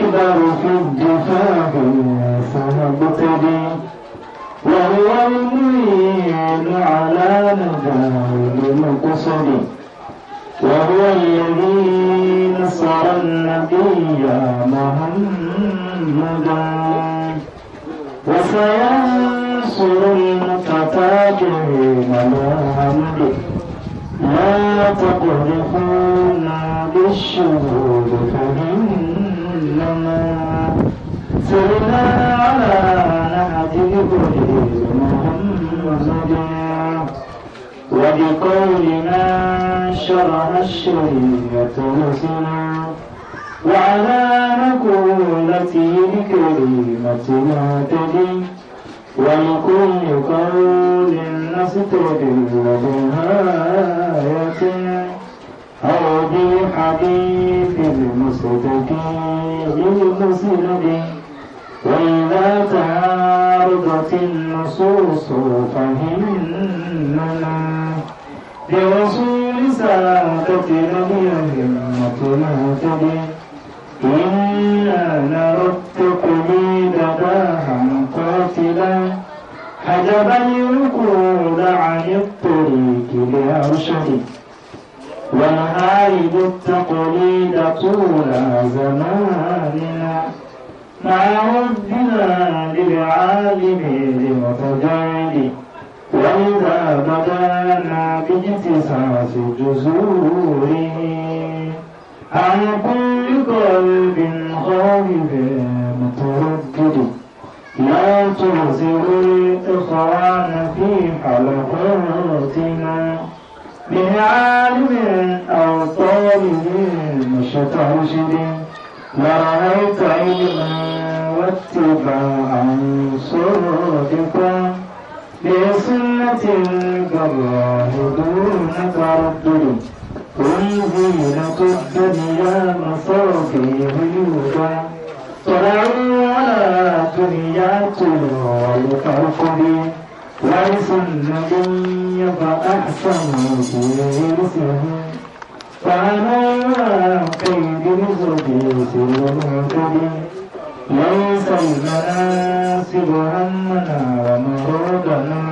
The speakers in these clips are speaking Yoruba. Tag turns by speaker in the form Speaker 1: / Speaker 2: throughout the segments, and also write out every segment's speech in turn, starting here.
Speaker 1: الأكبر في الدفاع فمبتدي وهو المعين على مدار المقصد وهو الذي نصر النبي محمدا وسينصر المتتابعين بحمده لا تقذفونا بالشهود فإن وسلما سرنا على نهج محمد وبقولنا شرع الشريعة لسنا وعلى مقولته لكلمة نهتدي ولكل قول نستدل بها آية أو بحديث المستقيم المسند وإذا تعارضت النصوص فهمنا لرسول سعادة نبي همتنا تبي إنا نرى التقليد باها قاتلا حجبا الركود عن الطريق لأرشد وهارب التقليد طول زماننا مع عدنا للعالمين المتجاني وإذا بدانا باجتساس جذوره على كل قلب خائف متردد لا تغزر الإخوان في حلقاتنا عالم أو طالب مشط رشد لرأيت علما واتباعا صدقا بسنة كالله دون تردد أنزل قد إلى مصابيح يوضع طلعوا على دنيا طلوع الكرقد ليس النبي فأحسن في رسله فعلى قيد رزقه سر مهتدي ليس المناسب همنا ومرادنا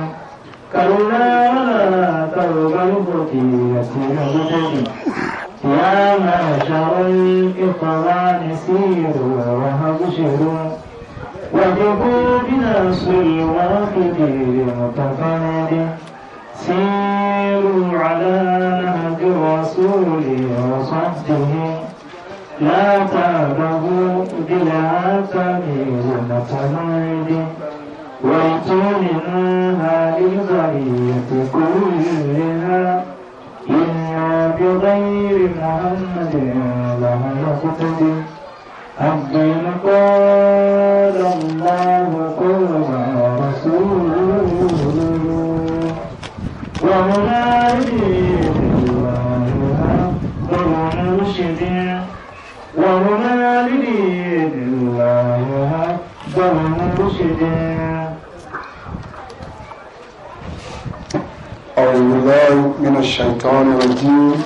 Speaker 1: كلا ولا تغلب في يسير يا معشر الإخوان سيروا وهبشروا وجبوا بنصر الواحد المتفرد سيروا على نهج الرسول وصحبه لا تعبه بلا تميز متمرد ويتمنها للبرية كلها إنا بغير محمد لهم مقتدر الدين قال الله قال رسوله ومنادي مرشد ومنادي الله أكبر مرشد
Speaker 2: أعوذ بالله من الشيطان الرجيم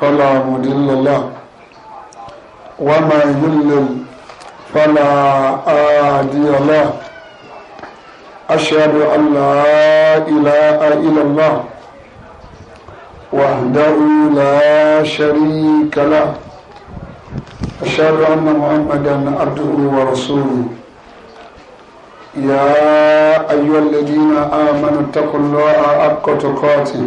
Speaker 2: فلا مضل له وما يضلل فلا هادي له أشهد أن لا إله إلا الله وحده لا شريك له أشهد أن محمدا عبده ورسوله يا أيها الذين آمنوا اتقوا الله حق تقاته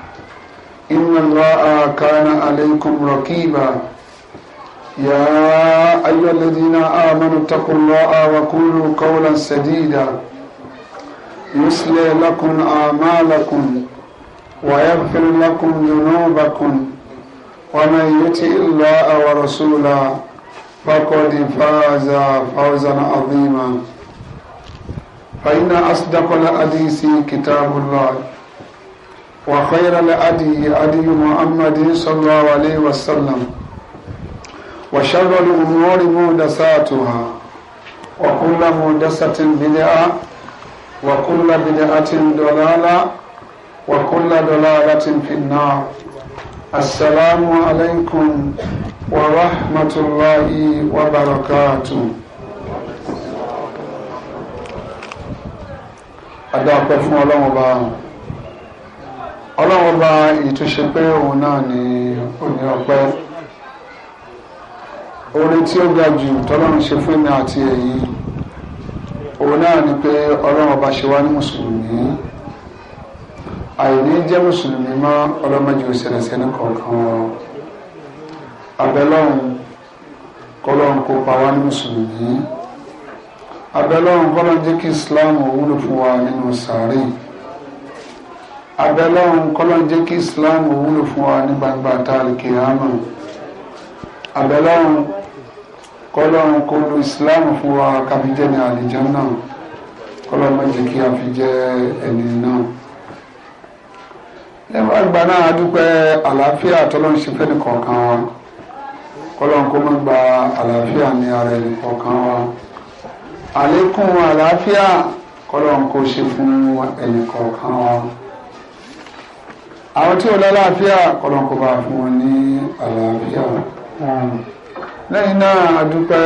Speaker 2: إن الله كان عليكم رقيبا يا أيها الذين آمنوا اتقوا الله وقولوا قولا سديدا يصلي لكم أعمالكم ويغفر لكم ذنوبكم ومن يطع الله ورسوله فقد فاز فوزا عظيما فإن أصدق الحديث كتاب الله وخير الأدي أدي محمد صلى الله عليه وسلم وشر الأمور مهدساتها وكل مهدسة بدعة وكل بدعة ضلالة وكل ضلالة في النار السلام عليكم ورحمة الله وبركاته أدعوكم الله وبركاته ọlọ́run ọba ìtúnṣe pé òun náà ni òní ọpẹ́ orin tí ó ga jù tọ́lọ́run ṣe fún mi àti èyí òun náà ni pé ọlọ́run ọba ṣe wá ní mùsùlùmí àìní jẹ́ mùsùlùmí mọ́ ọlọ́mọdé òṣèlèṣẹ́ ní kọ̀ọ̀kan wọn abẹ́lọ́run kọ́lọ́run kó pa wá ní mùsùlùmí abẹ́lọ́run kọ́lọ́run jẹ́ kí Islam wúlò fún wa nínú sàárè abẹ́lọ́run kọ́lọ́n jẹ́ kí islam wúlò fún wa ní gbangba tààlìkì àmà abẹ́lọ́run kọ́lọ́run kó lo islam fún wa kábí jẹ́ ní àlìjẹ́ náà kọ́lọ́run má jẹ́ kí a fi jẹ́ ẹni náà. lẹ́wọ̀n àgbà náà adúpẹ́ àlàáfíà tọ́lọ́run ṣe fẹ́ nìkọ̀ọ̀kan wa kọ́lọ́run kó má gba àlàáfíà ní ara ẹni wa àlékún àlàáfíà kọ́lọ́run kó ṣe fún ẹni kọ̀ọ̀kan wa àwọn tí ò lálàáfíà kọlọ́nkọba fún wọn ní àlàáfíà lẹ́yìn náà a dúpẹ́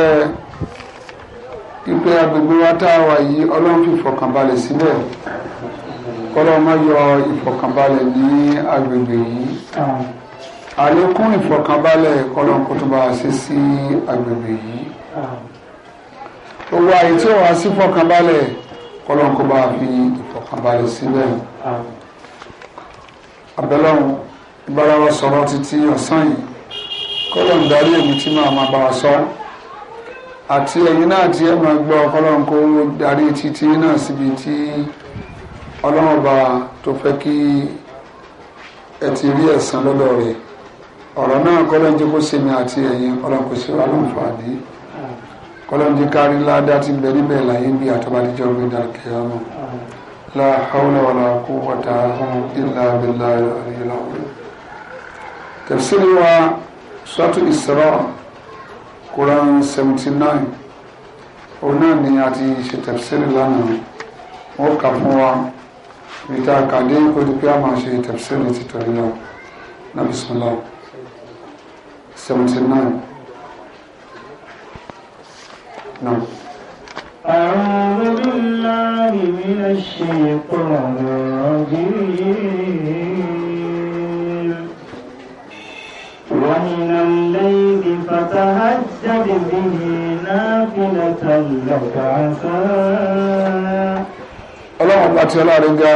Speaker 2: ìpè agbègbè wa tá a wà yìí ọlọ́run fi ìfọ̀kànbalẹ̀ sílẹ̀ kọlọ́run má yọ ìfọ̀kànbalẹ̀ ní agbègbè yìí àlékún ìfọ̀kànbalẹ̀ kọlọ́run kó tó bá a ṣe sí agbègbè yìí gbogbo àyè tí ò wá sí ìfọ̀kànbalẹ̀ kọlọ́run kó bá a fi ìfọ̀kànbalẹ̀ sílẹ̀ abẹ́lọ́run ìbárawa sọ̀rọ̀ títí ọ̀sán yìí kọ́lọ̀ ń darí èmi tí máa máa bá wa sọ àti ẹ̀yin náà tí ẹ máa gbọ́ kọ́lọ̀ kó darí títí náà síbi tí ọlọ́run ọba tó fẹ́ kí ẹ ti rí ẹ̀san lọ́dọ̀ rẹ̀ ọ̀rọ̀ náà kọ́lọ̀ ń jẹ́ kó ṣe mi àti ẹ̀yin ọlọ́run kò ṣe wá lóǹfààní kọ́lọ̀ ń jẹ́ kárí ládá ti bẹ̀rẹ̀ bẹ̀rẹ̀ láyé bí àtọ́bàdíjọ́ gbé dàrú kẹ́yàmọ́. لا حول ولا قوة إلا بالله العلي العظيم تفسير سورة الإسراء Quran seventy nine òun náà ni a ti ṣe tẹ̀síìrì lánàá wọ́n kà fún wa ìta kàdé kó di pé a máa ṣe tẹ̀síìrì títọ́ yìí lọ nàbí sọlá seventy nine náà.
Speaker 1: أعوذ بالله من الشيطان الرجيم ومن الليل فتهجد به نافلة
Speaker 2: لك عسى ọlọ́run ọba tí ọlọ́run ga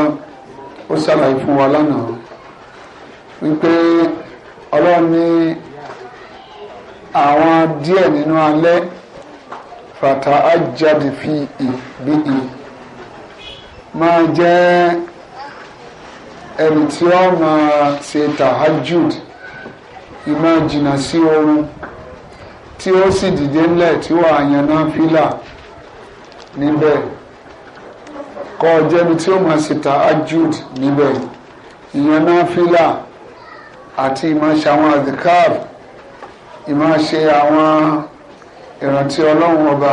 Speaker 2: ó ṣàlàyé fún wa lánàá wípé ọlọ́run ní àwọn díẹ̀ nínú alẹ́ fata ajadi fi bihi máa jẹ́ ẹni tí ó máa ṣe tahajud ìmáa jìnnà sí oorun tí ó sì dìde ńlẹ̀ tí wà á yan nàfílà níbẹ̀ kọ́ jẹ́ni tí ó máa ṣe nibe níbẹ̀ ìyan ati àti ìmáa ṣe àwọn adhikar ìmáa ṣe àwọn. ìrántí ọlọ́run ọba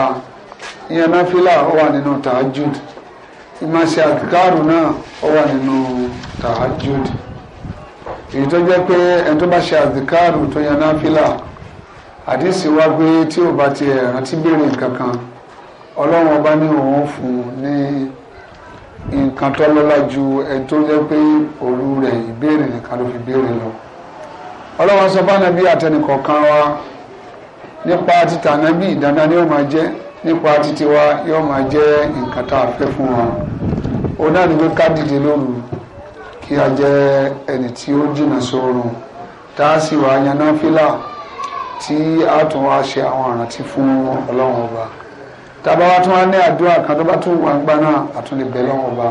Speaker 2: ìyẹn náfìlà ó wà nínú tahajjud ìmọ̀ọ́sẹ̀ àdìkárù náà ó wà nínú tahajjud èyí tó jẹ́ pé ẹni tó bá ṣe àdìkárù tó yẹn náfìlà àdìsí wá pé tí ò bá ti rántí béèrè nǹkan kan ọlọ́run ọba ní òun fún un ju ẹni tó jẹ́ pé òru rẹ̀ ìbéèrè nìkan ló fi béèrè lọ ọlọ́run sọ fún ànábì wa. nípa títà nábì dandan ni ó máa jẹ́ nípa títí wa yóò máa jẹ́ nǹkan tá a fẹ́ fún wa òun náà ni pé ká dìde lóru kí a jẹ́ ẹni tí ó jìnnà sóorun tá a sì wá yan náfìlà tí a tún wá ṣe àwọn àrántí fún ọlọ́run ọba tábà wá tún wá ní àdúrà kan tó bá tún wà ń gbá náà àtúndì bẹ̀ lọ́wọ́ ọba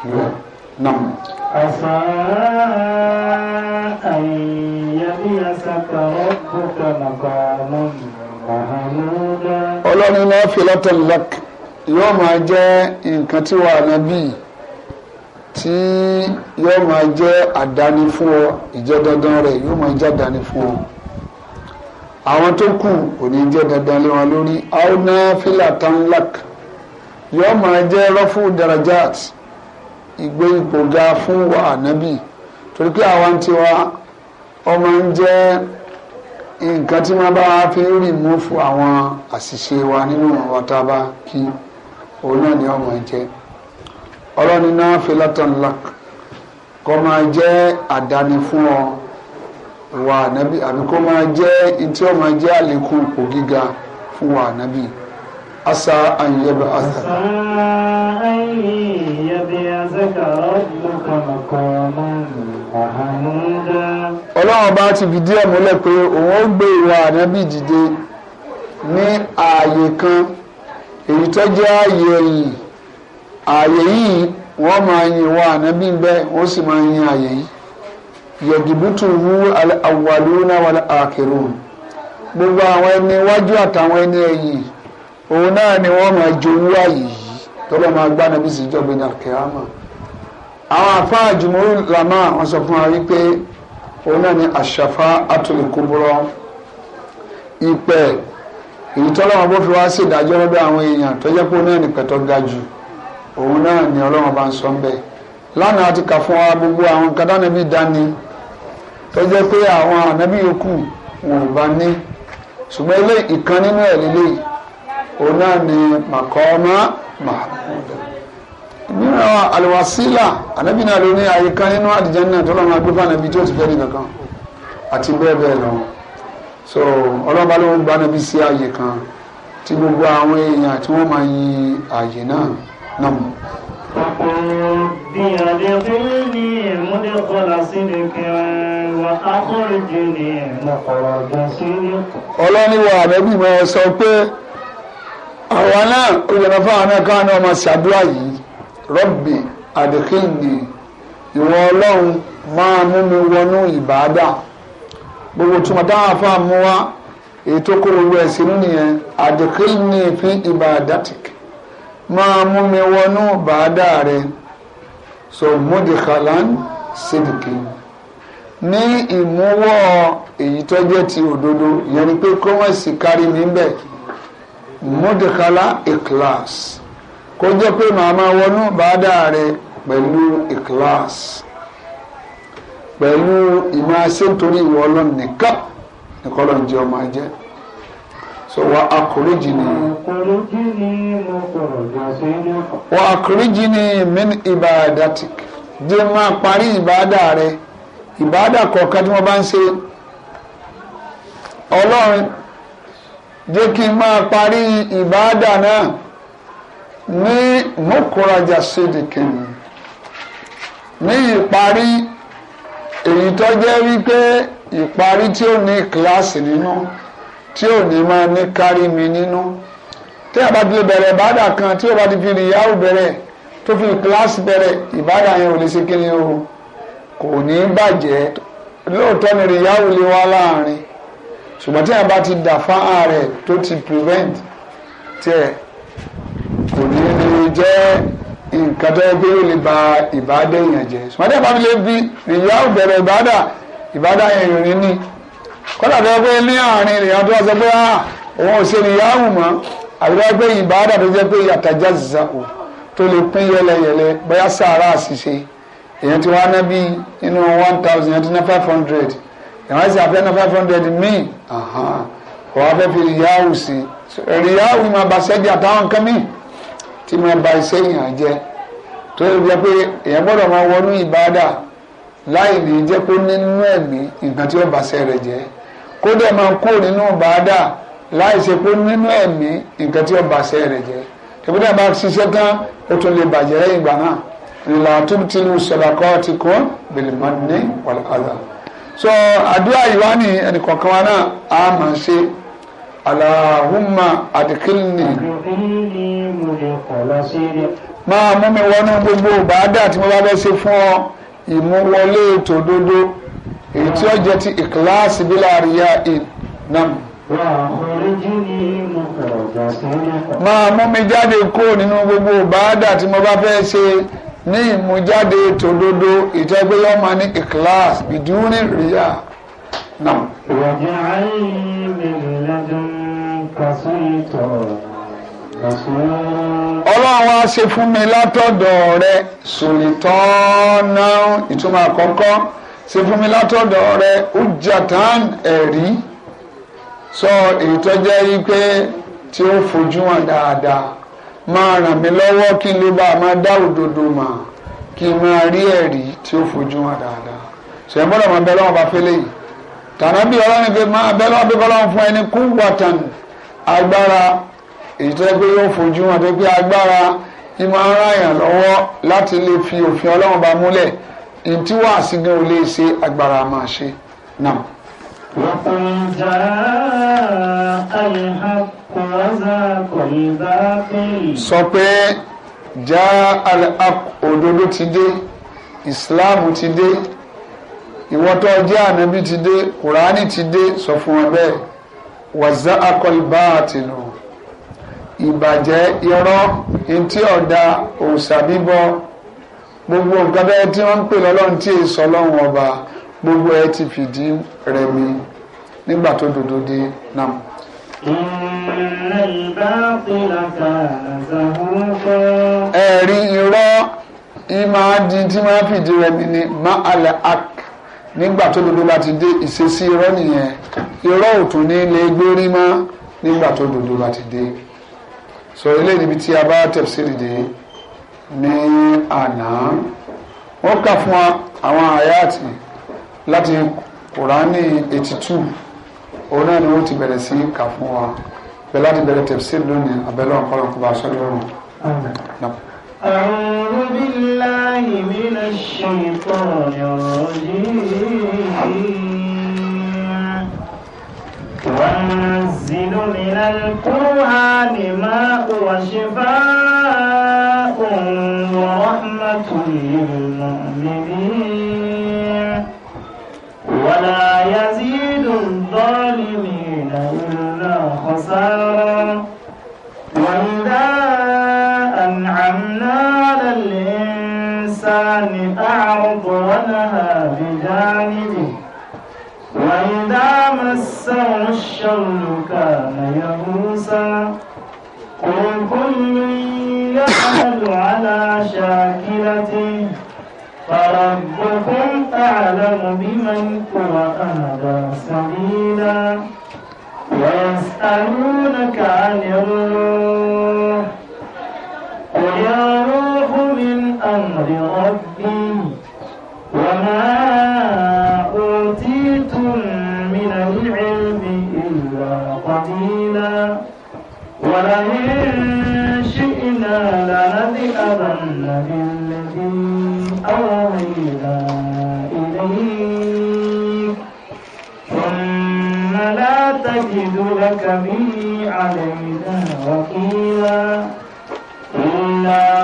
Speaker 2: pẹ̀lú ẹ̀ náà.
Speaker 1: àṣà àyè
Speaker 2: ọlọ́run náà fi lọ́tọ̀lọ́k yóò máa jẹ́ nǹkan tí wàá nàbí tí yóò máa jẹ́ àdáni fún ọ ìjẹ́ dandan rẹ̀ yóò máa jẹ́ àdáni fún ọ àwọn tó kù kò ní jẹ́ dandan lé wọn lórí auna filatanlak yóò máa jẹ́ rọ́fù darajat ìgbé ipò ga fún wa ànábì torí pé àwọn tiwa ọmọ ń jẹ́ nǹkan tí wọ́n bá fi ń rìmúfù àwọn àṣìṣe wa nínú ọ̀rọ̀ tá a bá kí òun náà ni ọmọ ń jẹ́ ọlọ́ni náà fi látàn lak kọ́ máa jẹ́ àdáni fún ọ wà nábì àbí kó máa jẹ́ ntí ó máa jẹ́ àlékún ipò gíga fún wà nábì asa anyebe asa.
Speaker 1: asa anyebe asa ka
Speaker 2: rabbuka maqaman mahamuda ọlọ́run bá ti fìdí ẹ̀ múlẹ̀ pé òun ó gbé ìwà ànábì dìde ní ààyè kan èyí tó jẹ́ ààyè ẹ̀yìn ààyè yìí wọ́n máa yin ìwà ànábì bẹ́ẹ̀ wọ́n sì máa yin ààyè yìí yẹ̀dìbùtù wú àwàlúwìnà wà àkèrò gbogbo àwọn ẹni iwájú àtàwọn ẹni ẹ̀yìn òun náà ni wọ́n máa jowú ààyè yìí tọ́lọ́ máa gbá ànábì sí ìjọba ìdàkẹ́ àmọ́ àwọn àfáà làmá wọn sọ fún wa wípé òun náà ni àṣàfà àtúnkúbúrọ ìpẹ èyí tọ́lọ́wọ́n bó fi wá sí ìdájọ́ lọ́dọ̀ àwọn èèyàn tó jẹ́ pé òun náà nìpẹ́ tó ga jù òun náà ni ọlọ́wọ́n bá ń sọ ń bẹ́ẹ̀ lánàá ti kà fún wa gbogbo àwọn nǹkan dánàbí dání tó jẹ́ pé àwọn ànábì yòókù wọn ò bá ní ṣùgbọ́n ilé ìkan nínú ẹ̀ lélẹ́yìí òun náà ni màkọ́ọ́mà màhàmúdà nínú àlùwàsílà ànábì náà ló ní àyè kan nínú àlùjánnà tó lọ́wọ́ agbẹ́fà ànábì tó ti fẹ́ nìkan kan àti bẹ́ẹ̀ bẹ́ẹ̀ lọ so ọlọ́ba ló ń gba ànábì sí àyè kan tí gbogbo àwọn èèyàn tí wọ́n máa yin àyè náà náà mú. ربي àbẹ́bí mọ̀ ẹ sọ pé àwa náà ó yẹra fáwọn náà náà máa ṣàdúrà yìí rọ́bì àdìkìndì ìwọ ọlọ́run máa mú mi wọnú ìbáadà gbogbo tí mo dá àfa mú wa èyí tó kó gbogbo ẹ̀sìn nìyẹn àdìkìndì fi ìbàdàtìk máa mú mi wọnú ìbáadà rẹ so mudikalan sidiki ní ìmúwọ́ èyí tó jẹ́ ti òdodo ìyẹn ni pé kọ́mọ̀sì kárí mi bẹ́ẹ̀ mudikala ikhlas kó jẹ́ pé màá máa wọnú bàdà rẹ pẹ̀lú ìkíláàsì pẹ̀lú ìmọ̀ àṣẹ nítorí ìwọ ọlọ́run nìkan nìkan ló ń jẹ́ ọmọ ajẹ́ so wa akurijini wa akurijini min ibadatik jẹ́ máa parí ìbádà rẹ ìbádà kọ̀ọ̀kan tí wọ́n bá ń ṣe ọlọ́run jẹ́ kí n máa parí ìbádà náà ní mọ́kúrajà sídìkì ní ìparí èyí tó jẹ́ wípé ìparí tí ó ní kíláàsì nínú tí ò ní máa ní kárí mi nínú tí a bá ti lè bẹ̀rẹ̀ ìbádà kan tí ó bá ti fi ìyáwó bẹ̀rẹ̀ tó fi kíláàsì bẹ̀rẹ̀ ìbádà yẹn ò lè ṣe kíni o kò ní bàjẹ́ lóòótọ́ ni ìyáwó lè wá láàrin ṣùgbọ́n tí a ti dà fáhàn rẹ̀ tó ti prevent tiẹ̀ kò ní ní jẹ́ nǹkan tó gbé yóò ba ìbádẹ́ yẹn jẹ́ sùmọ́tẹ́ bá mi bi ìyá ò bẹ̀rẹ̀ ìbádà ìbádà yẹn yòó ní kọ́dà tó gbé ní àárín ìyá tó sọ pé ah, òun ò ṣe ìyá òun mọ́ àbí wọ́n gbé ìbádà tó jẹ́ pé àtàjà zàkó tó lè pín yẹlẹyẹlẹ bóyá sàárà àṣìṣe èyàn ti wá ná bí inú one thousand èyàn ti ná five hundred èyàn wá sí àfẹ́ ná five hundred míì ọ̀hún ọ̀hún afẹ́ fi ìyá òun sí ìyá òun máa bàṣẹ́ di àtàwọn nǹkan míì tí máa ba iṣẹ́ èèyàn jẹ́ tó lè jẹ́ pé èèyàn gbọ́dọ̀ máa wọnú ìbáadà láì ní jẹ́ pé nínú ẹ̀mí nǹkan tí ó ba iṣẹ́ rẹ̀ jẹ́ kó dẹ̀ máa kú nínú ìbáadà láì ṣe pé nínú ẹ̀mí nǹkan tí ó ba iṣẹ́ rẹ̀ jẹ́ tẹ̀bí dẹ̀ máa ṣiṣẹ́ tán ó tún lè bàjẹ́ lẹ́yìn ìgbà náà ìlà tó ti lu sọ̀dàkọ́ ti kọ́ bèlèmọ́ni wàlúkàlà so àdúrà ìwá ni ẹnì kọ̀ọ̀kan wa náà á máa ṣe Allahumma àdìkìlì. àdìkìlì mo lè kọ̀ lọ sí ilé. máa mú mi wọnú gbogbo ìbádà tí mo bá fẹ́ ṣe fún ọ ìmúwọlé tòdodo èyí tí ó jẹ ti ìkíláàsì bí láàrin yá ìn náà máa mú mi jáde kúrò nínú gbogbo ìbáàdà tí mo bá fẹ́ ṣe ní ìmújáde tòdodo ìtẹ́gbéyọ́ ní ìkíláàsì bìdúrín rìíyà náà. ìwọ̀n jẹ́ àárín mi lọ́dún ọlọ́run á ṣe fún mi látọ̀dọ̀ rẹ sòlítọ́nà ìtumọ̀ àkọ́kọ́ ṣe fún mi látọ̀dọ̀ rẹ ujatan ẹ̀rí sọ èyí tó jẹ́ yí pé tí ó fojú hàn dáadáa máa ràn mí lọ́wọ́ kí n lè bá a máa dá òdodo mà kí n máa rí ẹ̀rí tí ó fojú hàn dáadáa ṣèyí gbọ́dọ̀ máa bẹ lọ́wọ́ bá fẹ́lẹ́ yìí tànàbí ọlọ́run fi máa bẹ lọ́wọ́ bí kọ́lọ́run fún ẹni kú wàtàn agbára èyí tó yẹ yóò fojú hàn pé agbára ni máa ń ráyàn lọ́wọ́ láti lè fi òfin ọlọ́run bá múlẹ̀ èyí tí wàá sí gan ò lè ṣe agbára máa ṣe náà. وقل
Speaker 1: جاء الحق وزاق الباطل
Speaker 2: sọ pé já òdodo ti dé islam ti dé ìwọ́tọ̀ jẹ́ ànábì ti dé kùránì ti dé sọ fún wọn bẹ́ẹ̀ wàzà akọlbà àtìlù ìbàjẹ́ irọ́ etí ọ̀dà òòṣà bíbọ gbogbo nǹkan bẹ́ẹ̀ tí wọ́n ń pè lọ́lọ́run tí èso ọlọ́run ọba gbogbo ẹ ti fìdí rẹmi nígbà tó dodo dé náà. ẹ̀rí irọ́ ìmáàdì tí máa fìdí rẹmi ni máa alẹ́ ak nígbà tó dodo bá ti dé ìṣesí irọ́ nìyẹn irọ́ òtún ní lè gbórí mọ́ nígbà tó dodo bá ti dé sọ eléyìí níbi tí a bá tẹ̀síìrì dé ní àná wọ́n kà fún àwọn àyàtì láti kùránì eighty two òun náà ni wọ́n ti bẹ̀rẹ̀ sí kà fún wa bẹ́ẹ̀ láti bẹ̀rẹ̀ tẹ̀síìrì lónìí abẹ́lẹ́ ọ̀pọ̀lọpọ̀ bá a sọ lọ́rùn.
Speaker 1: أعوذ بالله من الشيطان الرجيم وننزل من القرآن ما هو شفاء ورحمة للمؤمنين ولا يزيد الظالمين إلا خسارا الرحمن أعرض ونهى بجانبه وإذا مسه الشر كان يئوسا قل كل يعمل على شاكلته فربكم أعلم بمن هو أهدى سبيلا ويسألونك عن الروح أمر ربي وما أوتيتم من العلم إلا قليلا ولئن شئنا لنبئن بالذي أوحينا إليك ثم لا تجد لك به علينا وكيلا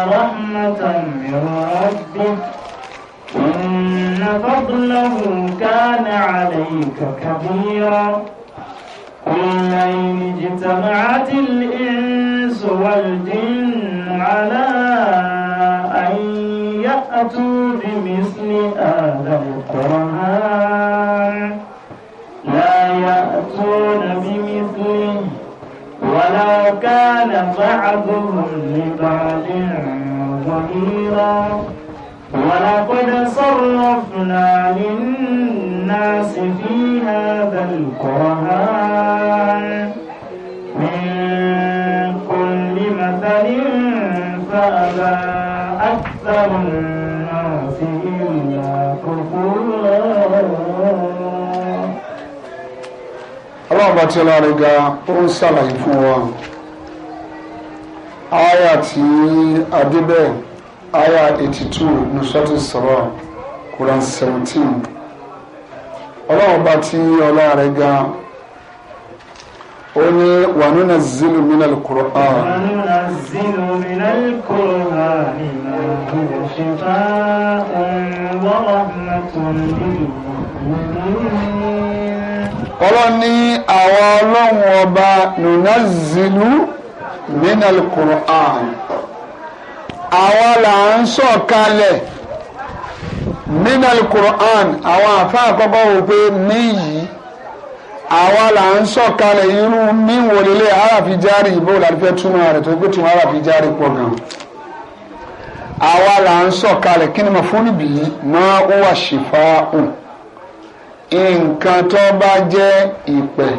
Speaker 1: رحمة من ربه إن فضله كان عليك كبيرا قل لئن اجتمعت الإنس والجن على أن يأتوا بمثل هذا القرآن لا يأتون بمثله ولو كان كان بعضهم لبعض ظهيرا ولقد صرفنا للناس في هذا القرآن من كل مثل فأبى أكثر الناس إلا كفورا
Speaker 2: ọlọ́ọ̀bá tí ọlọ́ọ̀rẹ́ ga ó ń ṣàlàyé fún wa aya tí adébẹ̀ aya eighty two nusratu sọ̀rọ̀ Quran seventeen ọlọ́run bá tí ọlá rẹ̀ ga ó ní wa nunazzilu minal Qur'an. wa
Speaker 1: nunazzilu minal Qur'ani ma huwa shifaa'un
Speaker 2: wa rahmatun lil mu'minin. ọlọ́ni àwa ọlọ́run ọba nunazzilu minal Qur'an àwa là ń sọ̀kalẹ̀ minal Qur'an àwọn àfa àkọ́kọ́ wò pé mí yìí àwa là ń sọ̀kalẹ̀ irú mí wòlélẹ̀ aráàfin járì ìbò làlùfẹ́ túmọ̀ rẹ̀ tó gbé tún aráàfin járì pọ̀ gan àwa là ń sọ̀kalẹ̀ kí ni mo fún níbí máa ń wà ṣìfà hùn nǹkan tó bá jẹ́ ìpẹ́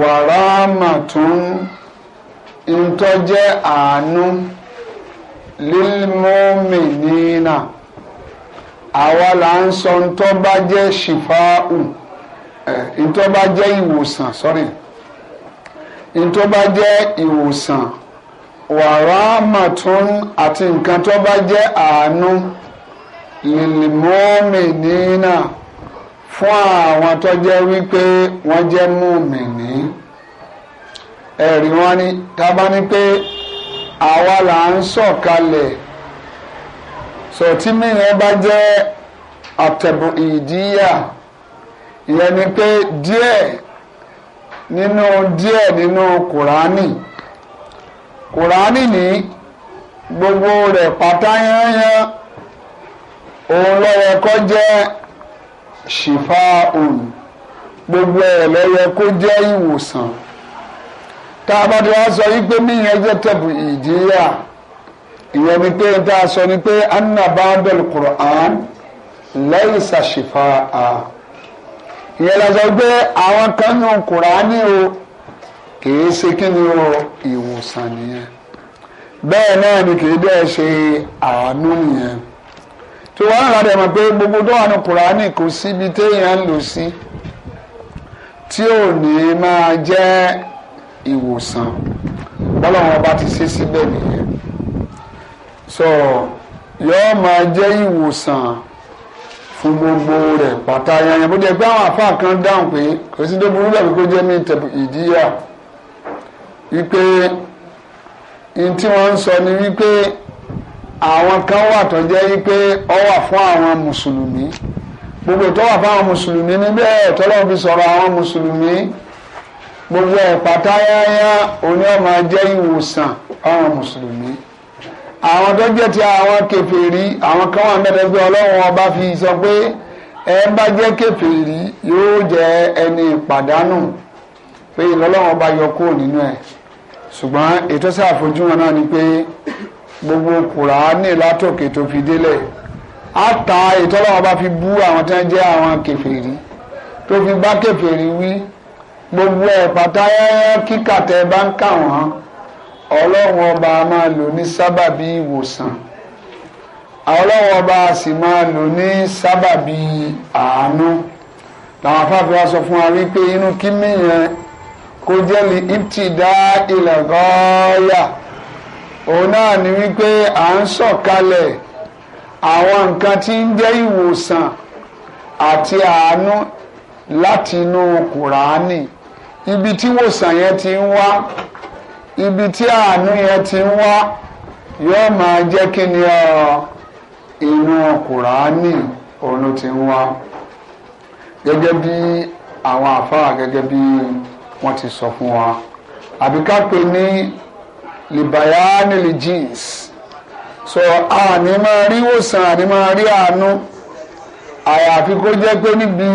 Speaker 2: wàrà màtún ntọ́ jẹ́ àánú lílmọ́mìnínà àwa là ń sọ ntọ́ bá jẹ́ ṣìfáù ntọ́ bá jẹ́ ìwòsàn sorry ntọ́ bá jẹ́ ìwòsàn wàràmàtún àti nǹkan tó bá jẹ́ àánú lílmọ́mìnínà fún àwọn tó jẹ́ wípé wọ́n jẹ́ mọ́mìnínà ẹ̀rí wọn ni tábà ní pé àwa là ń sọ̀kalẹ̀ sọ̀tí mìíràn bá jẹ́ àtẹ̀bù ìdíyà ìyẹn ni pé díẹ̀ nínú díẹ̀ nínú kùránì kùránì ní gbogbo rẹ̀ pátá yányán òun lọ́wọ́ kọ́ jẹ́ ṣìfà òun gbogbo ẹ̀ lọ́wọ́ kó jẹ́ ìwòsàn tá a bá ti wá sọ yìí pé níyẹn jẹ́ tẹ̀bù ìdíyà ìyẹn ni pé tá a sọ ni pé anna ba'dal Qur'an laysa shifa'a ìyẹn la sọ pé àwọn kan ní Kùránì o kìí ṣe kí ni o ìwòsàn nìyẹn bẹ́ẹ̀ náà ni kìí dẹ́ ṣe àánú nìyẹn tí wọ́n rà dẹ̀ mọ̀ pé gbogbo tó wà ní Kùránì kò síbi téèyàn lò sí tí ò ní máa jẹ́ ìwòsàn bọ́lọ́wọ́n ọba ti ṣe síbẹ̀ nìyẹn so yóò máa jẹ́ ìwòsàn fún gbogbo rẹ̀ bàtà yanyan bó jẹ́ pé àwọn àfa kan dáhùn pé kò sí tó burú dàbí kó jẹ́ ní ìtẹ̀bù ìdíyà wípé ní tí wọ́n ń sọ ni wípé àwọn kan wà tó jẹ́ wípé ọ wà fún àwọn mùsùlùmí gbogbo tó wà fún àwọn mùsùlùmí níbẹ̀ tọ́lọ́ fi sọ̀rọ̀ àwọn mùsùlùmí gbogbo ẹ̀ pátáyáyá oní ọmọ jẹ́ ìwòsàn àwọn mùsùlùmí àwọn tó jẹ́ ti àwọn kèfèrí àwọn kan wà mẹ́tẹ́ pé ọlọ́run ọba fi sọ pé ẹ bá jẹ́ kèfèrí yóò jẹ́ ẹni ìpàdánù pé ìlọ́lọ́run ọba yọ kúrò nínú ẹ̀ ṣùgbọ́n ètò sàfojúwọn náà ni pé gbogbo kùránì látòkè tó fi délẹ̀ àtà ètò ọlọ́run ọba fi bú àwọn tó ń jẹ́ àwọn kèfèrí tó fi bá kèfèrí wí. gbogbo ẹ̀ pátá kíkà tẹ bá ń kà wọ́n ọlọ́run ọba máa lò ní sábàbí ìwòsàn ọlọ́run ọba sì máa lò ní sábàbí àánú làwọn afáfẹ́ wa sọ fún wa wípé inú kíní yẹn kó jẹ́ ní ìtìdá ilẹ̀ gọ́ọ́yà òun náà ni wípé à ń sọ̀kalẹ̀ àwọn nǹkan tí ń jẹ́ ìwòsàn àti àánú látinú kùránì. No ibi tí wòsàn yẹn ti ń wá ibi tí àánú yẹn ti ń wá yóò máa jẹ́ kí ni ọ inú kùránì òun ti ń wá gẹ́gẹ́ bí àwọn àfáà gẹ́gẹ́ bí wọ́n ti sọ fún wa àbí ká pè ní libayani lijins so àní máa rí wòsàn àní máa rí àánú àyàfi kó jẹ́ pé níbi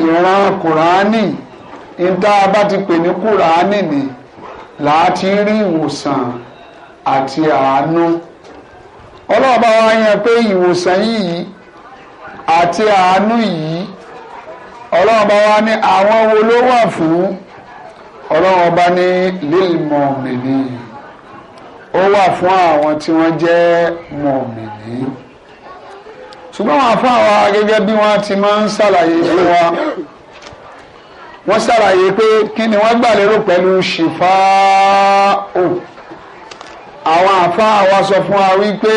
Speaker 2: ìran kùránì níta bá ti pè ní kùránì ni làá ti rí ìwòsàn àti àánú ọlọ́ọ̀bá wa yẹn pé ìwòsàn yìí àti àánú yìí ọlọ́ọ̀bá wa ní àwọn wo ló wà fún ọlọ́ọ̀bá ní lil mu'minin ó wà fún àwọn tí wọ́n jẹ́ mu'minin ṣùgbọ́n àwọn afọ àwa gẹ́gẹ́ bí wọ́n ti máa ń ṣàlàyé fún wa wọ́n ṣàlàyé pé kí ni wọ́n gbà lérò pẹ̀lú ṣìfáàó àwọn afọ àwa sọ fún wa wípé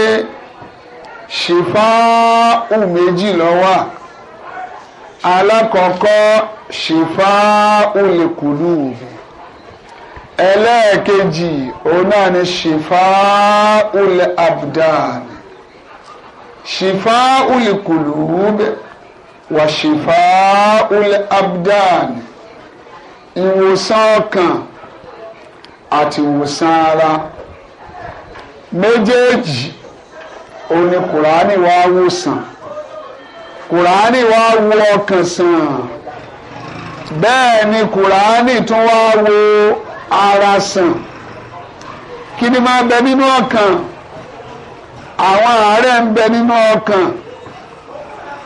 Speaker 2: ṣìfáàó méjì ló wà alákọ̀ọ́kọ́ ṣìfáàó lè kùlù ẹlẹ́ẹ̀kejì òun náà ni ṣìfáàó lè abdàn Shifa ṣìfà ulikulub wà ṣìfà ulẹ̀ abdan ìwòsàn ọkàn àti ìwòsàn ara méjèèjì òun ni kùránì wá wòsàn kùránì wá wo ọkàn sàn bẹ́ẹ̀ ni kùránì tún wá wo ara sàn kí ni máa bẹ nínú ọkàn. àwọn ààrẹ ń bẹ nínú ọkàn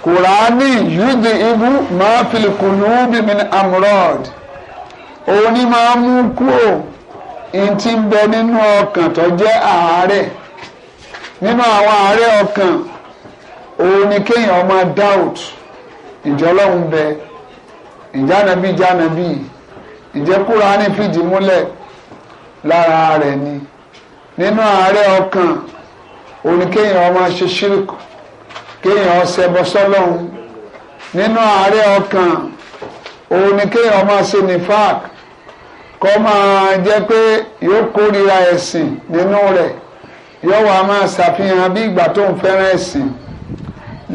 Speaker 2: kùránì yúdi ibú máa fìlì kùnú bímí amúrọ́d òun ni máa mú kúrò n ti ń bẹ nínú ọkàn tó jẹ́ ààrẹ nínú àwọn ààrẹ ọkàn òun ni kéèyàn máa doubt ǹjẹ́ bẹ ǹjẹ́ ànábì jẹ́ ànábì ǹjẹ́ kùránì fìdí múlẹ̀ lára rẹ̀ ni nínú àárẹ̀ ọkàn. òní kéèyàn ọmọ ṣe ṣírìkù kéèyàn ṣẹbọ sọ́lọ́hun nínú àárẹ̀ ọkàn òní kéèyàn ọmọ ṣe nífàk kọ́ máa jẹ́ pé yóò kórìíra ẹ̀sìn nínú rẹ̀ yóò wá máa ṣàfihàn bí ìgbà tó ń fẹ́ràn ẹ̀sìn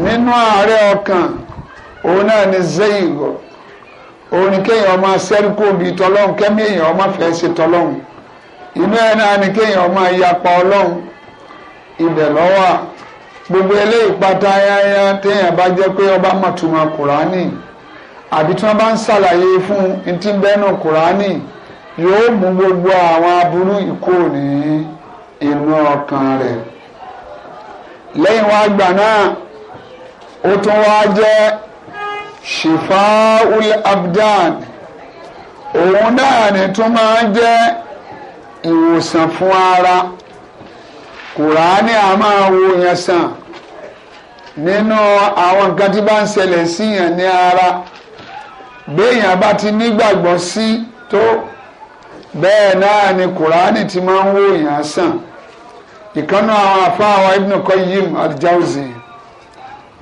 Speaker 2: nínú àárẹ̀ ọkàn òun náà ni zeyigo òun ni kéèyàn bíi tọ́lọ́hún kẹ́mi èèyàn máa ṣe tọ́lọ́hún inú ẹ̀ náà ni kéèyàn máa yapa ọlọ́hún ibẹ̀ lọ́wọ́ gbogbo eléyìí pátá yáyá téèyàn bá jẹ́ pé ọba mọ̀túmọ̀ kùránì àbí tí wọ́n bá ń ṣàlàyé fún ntí bẹ́ẹ̀nù kùránì yóò mú gbogbo àwọn aburú ìkó ní inú ọkàn rẹ̀ lẹ́yìn wá gbà náà ó tún wá jẹ́ shifaul abdan òun náà ni tún máa ń jẹ́ ìwòsàn fún ara kùránì a máa wo yẹn sàn nínú àwọn nǹkan tí bá ń ṣẹlẹ̀ sí yẹn ní ara béèyàn bá ti nígbàgbọ́ sí tó bẹ́ẹ̀ náà ni kùránì ti máa ń wo yẹn sàn ìkànnà àwọn afáwọn Ibn Qayyim al-Jawzi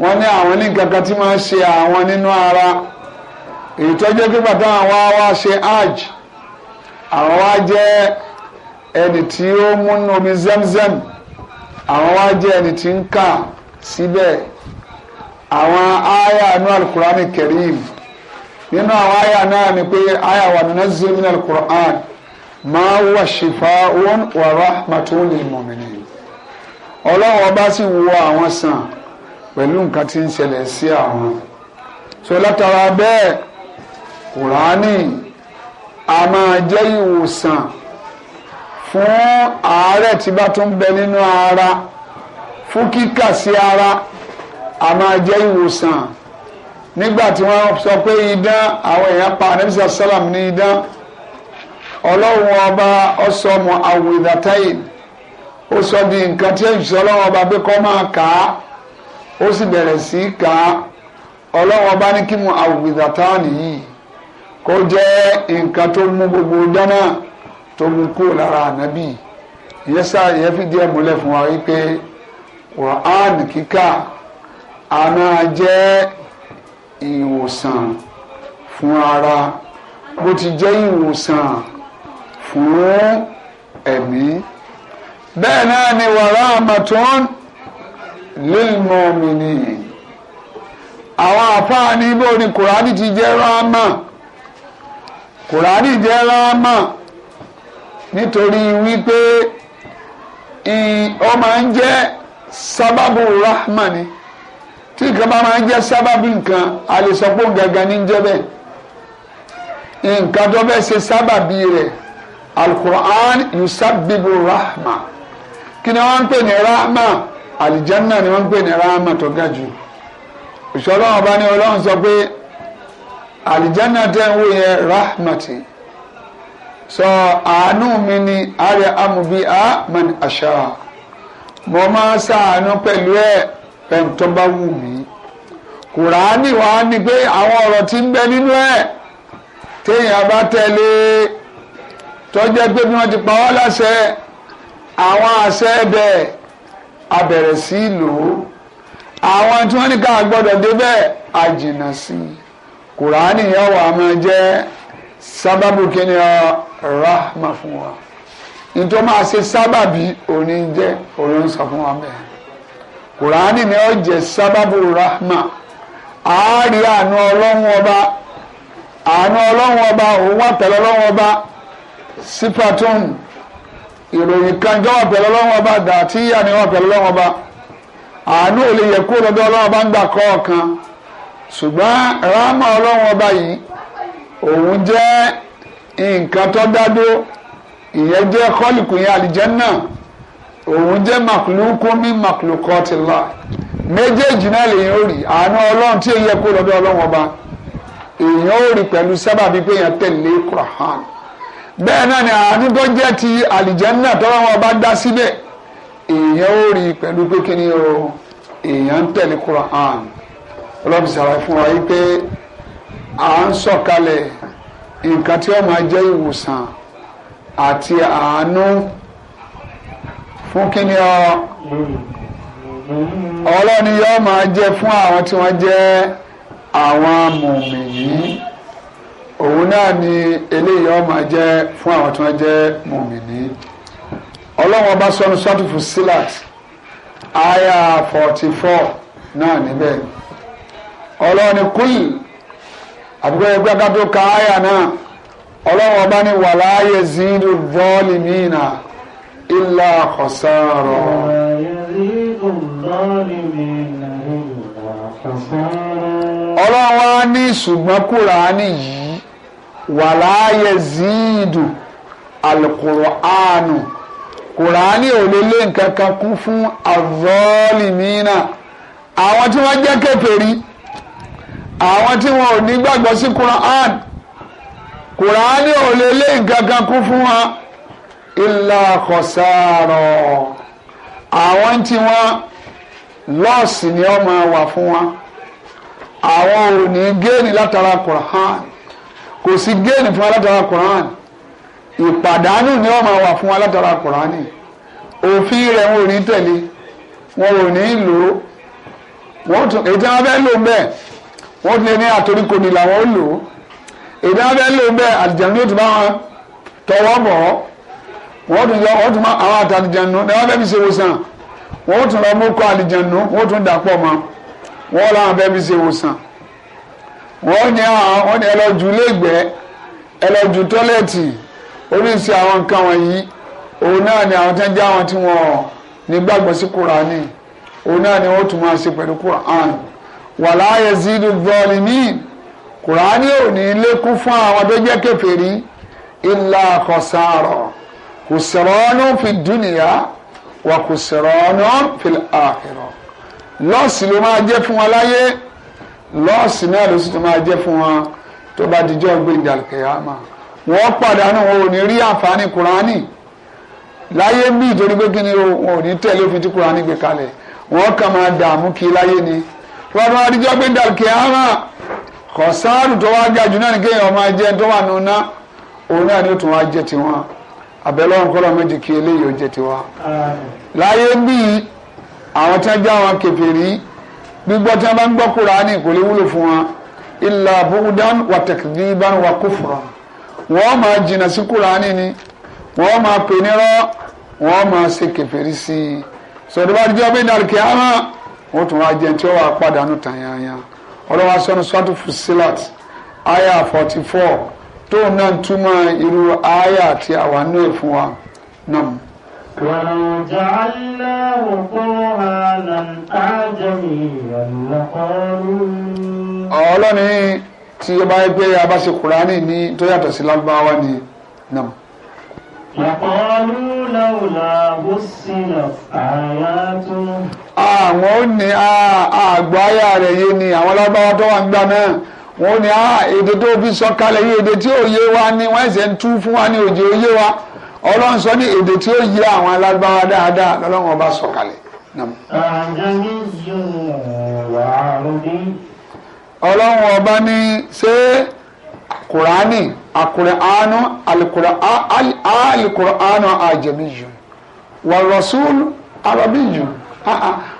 Speaker 2: wọ́n ní àwọn ní nǹkan kan tí máa ń ṣe àwọn nínú ara èyí tó jẹ́ pípa táwọn àwa wá ṣe hajj àwọn wá jẹ́ ẹni tí ó múnú omi zemzem. -zem àwọn wá jẹ́ ẹni tí ń kà síbẹ̀ àwọn àyà inú alukurani karim nínú àwọn àyà náà ni pé àyà wà nínú zemin alukurani máa wà shifa'un wa rahmatun lil mu'minin ọlọ́run ọba sì wo àwọn sàn pẹ̀lú nǹkan tí ń ṣẹlẹ̀ sí àwọn so látara bẹ́ẹ̀ kùránì a máa jẹ́ ìwòsàn fún àárẹ̀ tí bá tún bẹ nínú ara fún kíkà sí ara a máa jẹ́ ìwòsàn nígbà tí wọ́n sọ pé idán àwọn èèyàn pa anabisa salam ní idán ọlọ́run ọba ọsọmọ àwìdàtàyìn ó sọ di nǹkan tí èyí sọ ọlọ́run ọba pé kọ́ máa kà á ó sì bẹ̀rẹ̀ sí í kà á ọlọ́run ọba ní kí mu àwìdàtàyìn yìí kó jẹ́ nǹkan tó mú gbogbo dáná tó mú kúrò lára ànábì ìyẹn sá ìyẹn fi díẹ̀ múlẹ̀ fún wa wípé quran kíkà a máa jẹ́ ìwòsàn fún ara bó ti jẹ́ ìwòsàn fún ẹ̀mí bẹ́ẹ̀ náà ni wàrà àmàtún lílmọ̀mìnì àwọn àfáà bó ni kùránì ti jẹ́ rámà kùránì jẹ́ rámà nítorí wípé ó máa ń jẹ́ sábàbù rahma ni tí nǹkan bá máa ń jẹ́ sábàbù nǹkan a lè sọ pé gangan ní jẹ́ nǹkan tó fẹ́ ṣe sábàbí rẹ̀ alukur'an yusabibu rahma kí ni wọ́n ń pè ní rahma alijanna ni wọ́n ń pè ní rahma tó ga jù òṣèlú ọba ni ọlọ́run sọ pé alijanna tẹ́ ń wò yẹn rahmati. sọ àánú mi ni àárẹ amubi a man àṣà mo máa ṣàánú pẹ̀lú ẹ̀ pẹ̀lú tó bá wù mí kùránì ni pé àwọn ọ̀rọ̀ bẹ n'inu ẹ̀ bí wọ́n ti pa tí wọ́n ní ká gbọ́dọ̀ jẹ́ ọ rahma fún wa nítorí wọn máa ṣe sábàbí òní jẹ òní ń sọ fún wa bẹ́ẹ̀ kùránì ni ó jẹ sábàbù rahma àárí àánú ọlọ́run ọba àánú ọlọ́run ọba òun wà pẹ̀lú ọlọ́run ọba sípàtún ìròyìn kan jọ́wọ́ pẹ̀lú ọlọ́run ọba dàtíyà ni wọ́n pẹ̀lú ọlọ́run ọba àánú ò lè yẹ kúrò lọ́dọ̀ ọlọ́run ọba ń gbà kọ̀ọ̀kan ṣùgbọ́n rámọ̀ ọlọ́run ọba yìí òun jẹ́ nǹkan tó dádó ìyẹn jẹ́ kọ́lìkù yẹn àlìjẹ́nà òun jẹ́ màkùlùkù mí la méjèèjì náà lèyìn ó rí àánú ọlọ́run tí èyí yẹ kó lọ́dọ̀ ọlọ́run ọba èèyàn ó rí pẹ̀lú sábàbí pé èèyàn tẹ̀lé kùràhán bẹ́ẹ̀ náà ni àánú tó jẹ́ ti àlìjẹ́nà tọ́lọ́run ọba dá síbẹ̀ èèyàn ó rí pẹ̀lú pé kí ni o èèyàn ń tẹ̀lé kùràhán ọlọ́run sàlàyé fún wa yìí pé à ń sọ̀kalẹ̀ nǹkan tí ó máa jẹ́ ìwòsàn àti àánú fún kíni ọ ọlọ́ni yóò máa jẹ́ fún àwọn tí wọ́n jẹ́ àwọn mùmìnì òun náà ni eléyìí yóò máa jẹ́ fún àwọn tí wọ́n jẹ́ mùmìnì ọlọ́wọ́n bá sọ́nu sọ́tù fún silas aya forty four náà níbẹ̀ ọlọ́ni queen àbíkọ́ yẹ gbẹ́ká tó ka àyà náà
Speaker 1: ọlọ́run ọba ní wàlá
Speaker 2: yazidu zalimina illa khasara. ọlọ́run á ní ṣùgbọ́n Kùránì yìí wàlá yazidu alukur'anu kùránì ò lè lé nǹkan kún fún azọ́ọ̀lì mìíràn àwọn tí wọ́n jẹ́ kèfèrí àwọn tí wọn ò ní gbàgbọ́ sí Quran Quran ò lè lé nǹkan kan kú fún wọn ìlà kọ̀sáàrọ̀ àwọn tí wọn lọ́ọ̀sì ni ó máa wà fún wọn àwọn ò ní géènì látara Quran kò sí géènì fún wọn látara Quran ìpàdánù ni ó máa wà fún wọn látara Quran òfin rẹ̀ wọn ò ní tẹ̀lé wọn ò ní lò ó tún èyí tí wọ́n fẹ́ lò bẹ́ẹ̀ wọ́n ti lè ní àtoríko ni làwọn ó lò èdè abẹ́ lò bẹ́ẹ̀ àlìjànnú yóò ti bá wọn tọwọ́ bọ̀ wọ́n tún yọ wọ́n tún máa àwọn àtàlìjànnú ní wọ́n fẹ́ fi ṣe wòsàn wọ́n tún lọ mú kọ́ àlìjànnú wọ́n tún dà pọ̀ mọ́ wọ́n làwọn fẹ́ fi ṣe wòsàn wọ́n ní àwọn wọ́n ní ẹlọ́jú lẹ́gbẹ́ ẹlọ́jú tọ́lẹ́ẹ̀tì oríṣi àwọn nǹkan wọ̀nyí òun náà ni àwọn tó ń já wọn tí wọ́n ní gbàgbọ́ sí òun náà ni wọ́n tún máa ṣe pẹ̀lú Kùránì wàlá yazidu zalimin kùránì ò ní lékún fún àwọn tó jẹ́ kèfèrí illa khasara khusranu fi dunya wa khusranu fil akhirah lọ́ọ̀sì ló máa jẹ́ fún wa láyé lọ́ọ̀sì náà ló sì tún máa jẹ́ fún wa tó bá dijọ́ gbẹ̀ngàn kẹyàmà wọ́n pàdánù wọn ò ní rí àǹfààní kùránì láyé bí ìtorí pé kí ni wọn ò ní tẹ̀lé òfin tí kùránì gbé kalẹ̀ wọ́n kàn máa dààmú kí láyé ni wọ́n bá dijọ́ pé dàkẹ́ àmà kọ̀sáàrù tó wá ga jù náà ní kéèyàn máa jẹ tó wà nù ná òun náà ni ó tún wá jẹ tiwọn àbẹ̀lẹ́ wọn kọ́lọ́ méjì kí eléyìí ó jẹ tiwa. láyé bíi àwọn tí wọ́n já wọn kèfèrí gbígbọ́ tí wọ́n bá ń gbọ́ Kùránì kò lè wúlò fún wọn ilà búdán wà tẹ̀kìdìbán wà kúfùrà wọ́n máa jìnnà sí Kùránì ni wọ́n máa pè nírọ́ wọ́n máa ṣe kèfèrí sí i sọ̀rọ̀ bá dijọ́ pé dàkẹ́ àmà wọ́n tún wá jẹ́ tí ó wà pàdánù tàyàyà ọlọ́wà sọ́nù sọ́tù fusilat aya forty four tóun náà túmọ̀ irú aya àti àwa náà fún wa náà.
Speaker 1: ولو جعلناه قرآنا
Speaker 2: أعجميا لقالوا ọlọ́ni tí ó bá yẹ pé a bá ṣe kùránì ní tó yàtọ̀ sí lágbáwá ni.
Speaker 1: Làkọ́lù
Speaker 2: láwùlà àwọn ò ní àgbọ̀ ayá rẹ̀ yé ni àwọn lábáwá tó wà ń gbà náà wọn ò ní èdè tó fi sọ kalẹ̀ yé èdè tí ò yé wa ni wọ́n ṣe ń tú fún wa ní òjò yé wa ọlọ́run sọ ní èdè tí ó yé àwọn alágbára dáadáa lọ́lọ́run ọba sọ kalẹ̀. ọlọ́run ọba ní ṣé kùránì àkùránù àlìkùránù àjẹmíyù wàrọ̀sùn arábíyù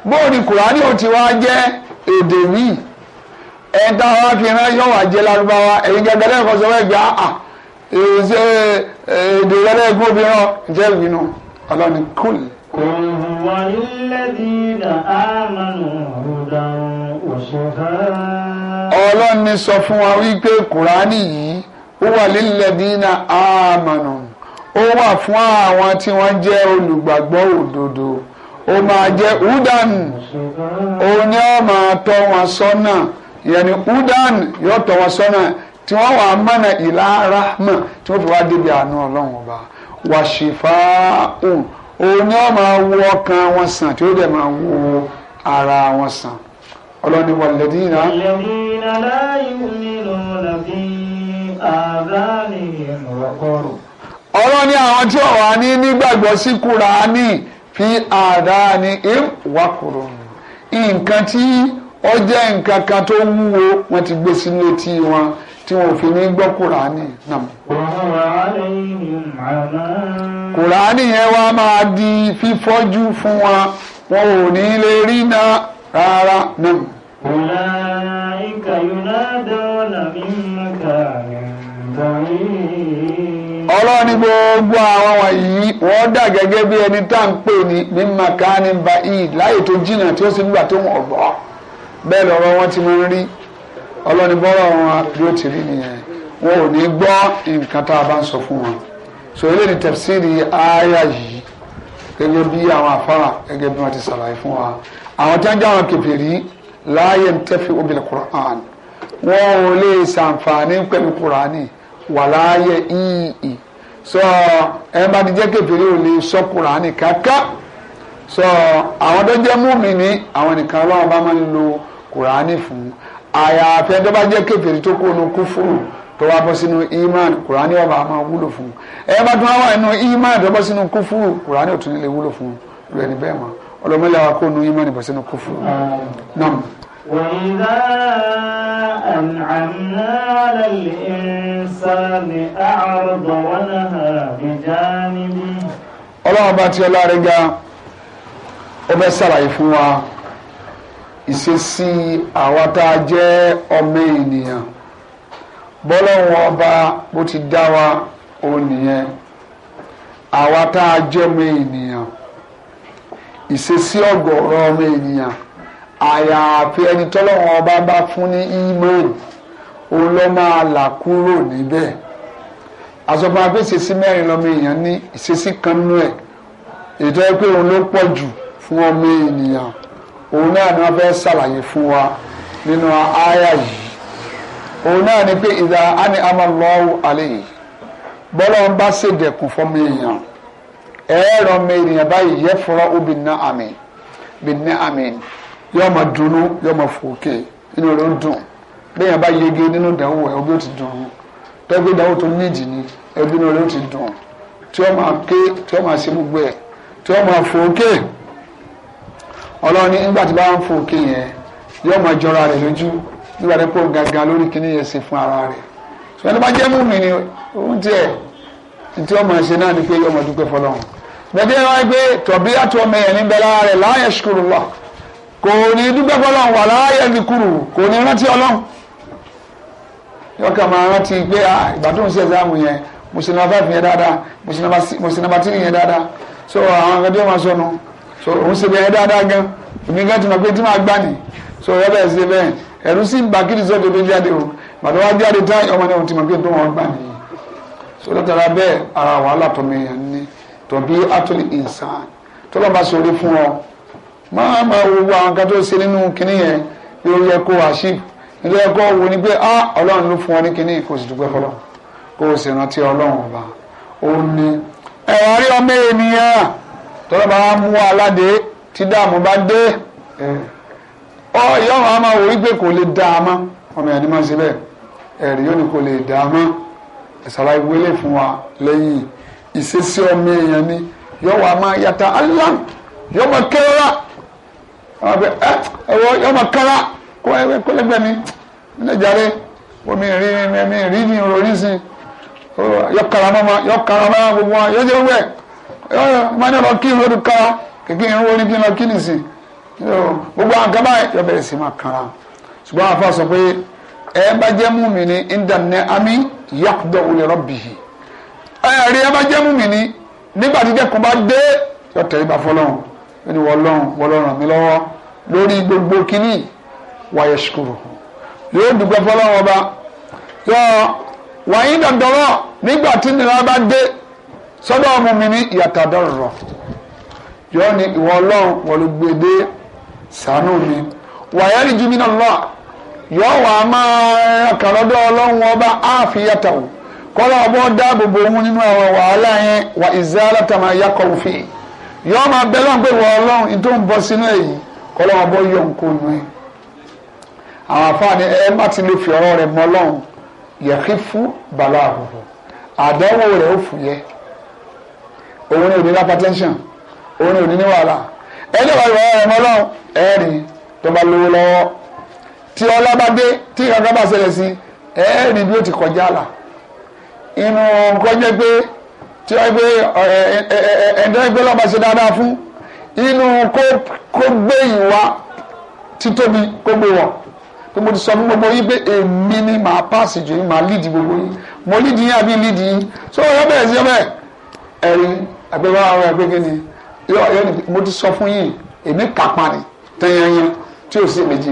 Speaker 2: bóò ni kùránì ò ti wá jẹ́ èdè míì ẹ̀ẹ́dá wa fi ránṣẹ́ wà jẹ́ lárúbáwá ẹ̀yin gẹ́gẹ́ lẹ́ẹ̀kan sọ wẹ́ẹ̀ gbé àà ah, ah. èyí èdè rẹ̀ gbóbìnrin jẹ́ ìbínú ọlọ́ni kùn. قل هو للذين آمنوا هدى وشفاء ọlọ́run ní sọ fún wa wípé kùránì yìí ó wà lílẹ̀dínà àmọ̀nà ó wà fún àwọn tí wọ́n jẹ́ olùgbàgbọ́ òdodo ó máa jẹ́ udan òun ni ó máa tọ́ wọn sọ́nà ìyẹn udan yóò tọ́ wọn sọ́nà tí wọ́n wà mọ̀nà ìlà rahma tí wọ́n fi wá débi àánú ọlọ́run ọba wàṣífàáhùn òun ni ó máa wọn sàn tí ó dẹ̀ máa wo ara wọn sàn ọlọ́ni wàlẹ́dínà.
Speaker 1: wàlẹ́dínà láàyè nínú nàbí
Speaker 2: àdáni ìrọ̀kọ́rù. ọlọ́ni àwọn tí ọ̀wá ní nígbàgbọ́ sí kúránì fi àdáni ìwàkùrù nǹkan tí ó jẹ́ nǹkan kan tó wúwo wọ́n ti gbé sínú etí wọn tí wọn ò fi ní gbọ́ kúránì náà. kúránì yẹn wá máa di fífọ́jú fún wọn wọn ò ní lè rí náà
Speaker 1: rárá náà. ọ̀la ìka yóná dáwọ́lá mi mọ̀ká
Speaker 2: dàrí. ọlọ́run ní gbogbo àwọn wọ̀nyí wọ́n dà gẹ́gẹ́ bí ẹni tá à ń pè ní mímọ̀ ká ní ba id láyè tó jìnnà tí ó sì nígbà tó wọ̀n bọ́ bẹ́ẹ̀ lọ́rọ̀ wọn ti máa ń rí ọlọ́run bọ́rọ̀ wọn bí ó ti rí nìyẹn wọn ò ní gbọ́ nǹkan tá a bá ń sọ fún wọn so eléyìí tẹ̀síìrì ááyà yìí gẹ́gẹ́ bí àwọn àfárà gẹ́gẹ́ bí wọ́n ti ṣàlàyé fún wa àwọn tí wọ́n jẹ́ àwọn kèfèrí láàyè ń tẹ́fì obìnrin Qur'an wọn ò lè ṣàǹfààní pẹ̀lú Qur'ani wà láàyè ìyì sọ ẹ bá ti jẹ́ kèfèrí ò lè sọ Qur'ani kàkà sọ àwọn tó jẹ́ mùmínì àwọn nìkan ọlọ́run bá máa ń lo Qur'ani fún àyàfẹ́ tó bá jẹ́ kèfèrí tó kó nu kúfùrù tó wá bọ́ sínú iman kùránì ọba àmọ́ wúlò fún ẹ bá tún wá wà nínú iman tó bọ́ sínú kúfù kùránì ò tún lè wúlò fún un bẹ́ẹ̀ mọ́ ọlọmọlẹ àwọn akóònù yín mọ níbọ sínú kófù
Speaker 1: náà. وإذا أنعمنا على الإنسان أعرض ونهى بجانبه
Speaker 2: ọlọ́run bá ti ọlá rẹ̀ ga ó fẹ́ ṣàlàyé fún wa ìṣesí àwa tá a jẹ́ ọmọ ènìyàn bọ́lọ́run ọba bó ti dá wa òun nìyẹn àwa tá a jẹ́ ọmọ ènìyàn ìṣesí ọ̀gọ̀ọ̀rọ̀ ọmọ ènìyàn àyàfi ẹni tọ́lọ́wọ́n ọba bá fún ní imán òun ló máa là kúrò níbẹ̀ àsọpọ̀ àpé ìṣesí mẹ́rin lọ́mọ èèyàn ní ìṣesí kan nú ẹ̀ ètò ẹ pé òun ló pọ̀ jù fún ọmọ ènìyàn òun náà ni wọ́n fẹ́ ṣàlàyé fún wa nínú àyà yìí òun náà ni pé ìdá àni àmọ́ lọ́wọ́ àlẹ́ yìí bọ́lá ń bá ṣèdẹ̀kùn fọmọ èèyàn. ẹ̀rọ mi ènìyàn báyìí yẹ fọlọ́ obì ní àmì yọ ọmọ dunu yọ ọmọ fòkè inú rẹ̀ ń dùn bẹ́ẹ̀ bá yege nínú ìdánwò ẹ̀ ó ti dùn tọ́gbé ìdánwò tó níjì ni ẹbí inú ó ti dùn tí máa ké lórí kíní yẹn ṣe fún ara ṣùgbọ́n bá jẹ́ mú mi ni tí ọmọ ẹ̀ṣẹ̀ náà ni pé yọmọ dúpẹ́ fọlọ́run gbẹ̀dẹ́ wọn gbé tọ̀bí àti ọmọ yẹn ní bẹ́lá rẹ̀ láàyè ṣùkúrù wà kò ní dúpẹ́ fọlọ́run wà láàyè nìkúrù kò ní rántí ọlọ́run yọkà máa rántí pé ìgbà tó ń ṣe ẹ̀sáàmù yẹn mùsùlùmí náà fẹ́ẹ́ dáadáa mùsùlùmí tìrì yẹn dáadáa so àwọn akẹ́kọ̀ọ́ máa sọnù so òun ṣe bẹ́ẹ̀ dáadáa gan èmi gan ti pé tí máa gbà ní so ẹ bẹ́ẹ̀ ṣe bẹ́ẹ̀ ẹ̀rú sí ìgbà kí ni sọ́ọ́ tó fi jáde o bàtà wá ọmọ náà ti mọ̀ pé tó wọn gbà nìyí sọlọ́tara bẹ́ẹ̀ ara wàhálà tọmẹyàn ni tọ̀bí atúlì insan tọ́lọ́ba sọrí fún ọ máa máa wo gbogbo àwọn kan tó ṣe nínú kinní yẹn yóò yẹ kó àṣìb ilé ẹ̀kọ́ wo ni pé ah ọlọ́run ló fún ọ ní kinní kò sì dúpẹ́ fọlọ́ kó o sì rántí ọlọ́run ọba ó ní ẹ̀wọ̀n rí ọmọ ènìyàn tọ́lọ́ba mú aládé tí dààmú bá dé ọ ìyá ọ̀hún á máa wò wípé kò lè dá ọmọ ẹ̀ ní máa ṣe bẹ́ẹ̀ ẹ̀rí yóò ní kò lè dá ìsàlàyé wọlé fún wa lẹ́yìn ìṣesí ọmọ èèyàn ni yọ wà máa yàtọ̀ alam yọ máa kẹ́ra àwọn bẹ ẹ ẹwọ yọ máa kẹ́ra kó ẹgbẹ́ kólẹ́gbẹ́ mi níjàre omi rí mi rí ní orí sí yọ kara mọ́mọ́ yọ kara mọ́mọ́ gbogbo wọn yọjọ wẹ̀ yọ máa ní ọ̀rọ̀ kí n lódù kara kékeré ń wọlé kí n lọ kí n sì gbogbo àwọn kábàá yọ bẹ̀rẹ̀ sí máa kara ṣùgbọ́n àfa sọ pé ẹ bá jẹ́ mú mi ní ìdànnẹ́ amí yàtọ̀ òye rọ́bìhì ẹ̀rí ẹ bá jẹ́ múmi ni nígbà tí dẹ́kun bá dé yọ̀tẹ̀ ibà fọlọ́run ẹni wọlọ́run wọlọ́run ràn mí lọ́wọ́ lórí gbogbo kínní wáyé ṣukuru yóò dùgbẹ́ fọlọ́run ọba yọ wàyí dandanwọ́ nígbà tí nira bá dé sọ́dọ̀ múmi ni yàtọ̀ dọ̀rọ̀ yọ ni ìwọ ọlọ́run wọlé gbèdé e sànú mi wàyé rí jùmínà lọ́wọ́ yọ wà máa kàn lọ́dọ̀ ọlọ́run ọba àfiyàtà o kọ́lá ọba dáàbò bo òun nínú àwọn wàhálà yẹn wà ìzálàtà máa yakọ̀ òfin yọ máa bẹ́ lọ́n pé wọ ọlọ́run ìtò ń bọ́ sínú èyí kọ́lá ọba yọ nǹkan nù ẹ̀ àwọn afáàní ẹ má ti lè fi ọ̀rọ̀ rẹ̀ mọ́ ọlọ́run yẹ̀kí fún bàlá àbùkù àdánwò rẹ̀ ó fúyẹ́ òun ni òní hypertension òun ni òní wàhálà ẹ lè wà ìwà ọ̀rọ̀ mọ́ ọlọ́run ẹ̀ẹ́rì tó bá lówó lọ́wọ́ tí ọlá bá dé tí kankan bá ṣẹlẹ̀ sí ẹ ẹ rí bí ó ti kọjá là inú nǹkan jẹ́ pé tí wọ́n gbé ẹ̀ẹ́dẹ́ gbé lọ́ba ṣe dáadáa fún inú kó gbé ìwà títóbi kó gbé wọ̀ pé mo ti sọ fún gbogbo yín pé èmi ni màá pàṣẹ jù yín màá lídìí gbogbo yín mo lídìí yín àbí lídìí yín so ọ̀rọ̀ bẹ̀rẹ̀ sí ọbẹ̀ ẹ̀rí àgbẹ̀wá ọ̀rọ̀ ẹ̀gbẹ́ gẹ́ni mo ti sọ fún yín èmi kápá ni tẹ́yẹ̀yẹ́ tí ò sí èmi jí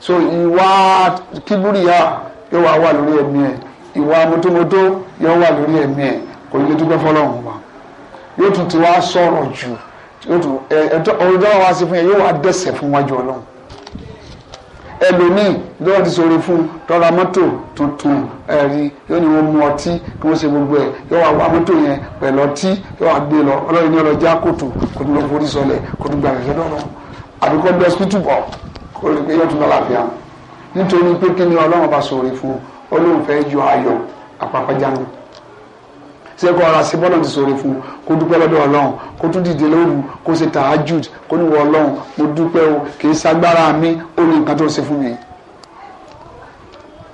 Speaker 2: so ìwà kíbúrìyà yóò wá wà lórí ẹ̀mí ẹ̀ ìwà mọ́tòmọ́tò yóò wà lórí ẹ̀mí ẹ̀ kò ní lè dúpẹ́ fọlọ́run wa yóò tún ti wá sọ̀rọ̀ jù yóò tún ẹ ẹ ọdún tó wá sí fún yẹn yóò wá dẹ̀sẹ̀ fún wájú ọlọ́run ẹlòmíì lọ́wọ́ ti sọ̀rọ̀ fún tọ́ra mọ́tò tuntun ẹ̀rí yóò ní wọ́n mu ọtí kí wọ́n ṣe gbogbo ẹ̀ yóò wá wá mọ́tò yẹn pẹ̀lú ọtí yóò wá gbé lọ ọlọ́run ní ọlọ́jà kòtò kò ní lọ forí sọlẹ̀ kò ní gbàgbé lọ́rọ̀ àbíkọ́ bí ọsibítù bọ̀ kó rí i pé yóò tún lálàáfíà nítorí pé kí ni ọlọ́run bá sọ̀rọ̀ fún olóhùn fẹ́ yọ ayọ̀ àpapàjánu sẹ́kọ̀ ara sí bọ́lá ti sọ̀rọ̀ fún kó dúpẹ́ lọ́dọ̀ ọlọ́run kó tún dìde lóru kó ṣe tààjùd kó ní wọ ọlọ́run mo dúpẹ́ o kì í ṣagbára mi ó ní nǹkan tó ṣe fún mi.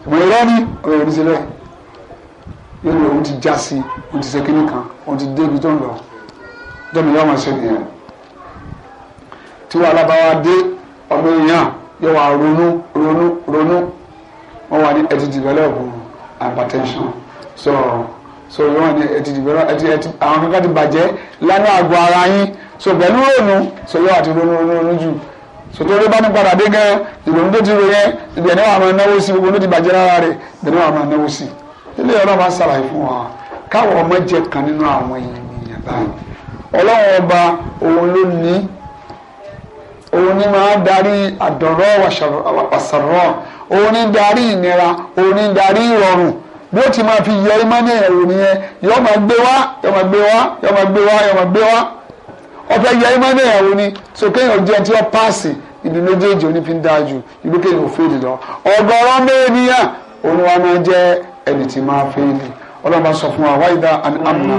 Speaker 2: ìmọ̀ ìrọ́ ni ọ̀rọ̀ ìrìn sílẹ̀ yóò lọ òun ti já sí òun ti ṣe kínní kan òun ti dé ibi tó ń lọ dẹ́mi yóò ọmọ èèyàn yóò wá ronú ronú ronú wọ́n wà ní ẹtì develop hypertension so so yóò wà ní ẹtì develop ẹtì ẹtì àwọn kankan ti bàjẹ́ lánàá àgọ́ ara yín so pẹ̀lú ronú so yóò wà ti ronú ronú ronú jù sotò ló bá ní padà dé gan ìrònú tó ti ro yẹn ibi ẹ̀ ní wàá máa náwó sí gbogbo ló ti bàjẹ́ lára rẹ̀ ibi ẹ̀ ní máa náwó sí ilé ọlọ́run máa ń fún wa káwọn ọmọ jẹ kan nínú àwọn ènìyàn báyìí ọlọ́run ọba òun ló ní òun ni máa darí àdọ̀rọ̀ wàṣàrọ̀ òun ni darí ìnira òun ni darí ìrọ̀rùn bí ó ti máa fi yọ ìmọ̀ni ẹ̀rù nìyẹn yọ máa gbé wá yọ máa gbé wá yọ máa gbé wá yọ máa gbé wá ọ̀fẹ́ yọ ìmọ̀ni ẹ̀rù ni sókè yàn jẹ́ tí wọ́n páàsì ibi méjèèjì oní fi ń dáa ju ibi kéèyàn ò fèèlì lọ ọgọrọ mẹ́ẹ̀ẹ́nìyàn òun wa máa jẹ́ ẹni tí máa fèèlì ọlọ́run bá sọ fún wa wáyé dá àmì àmì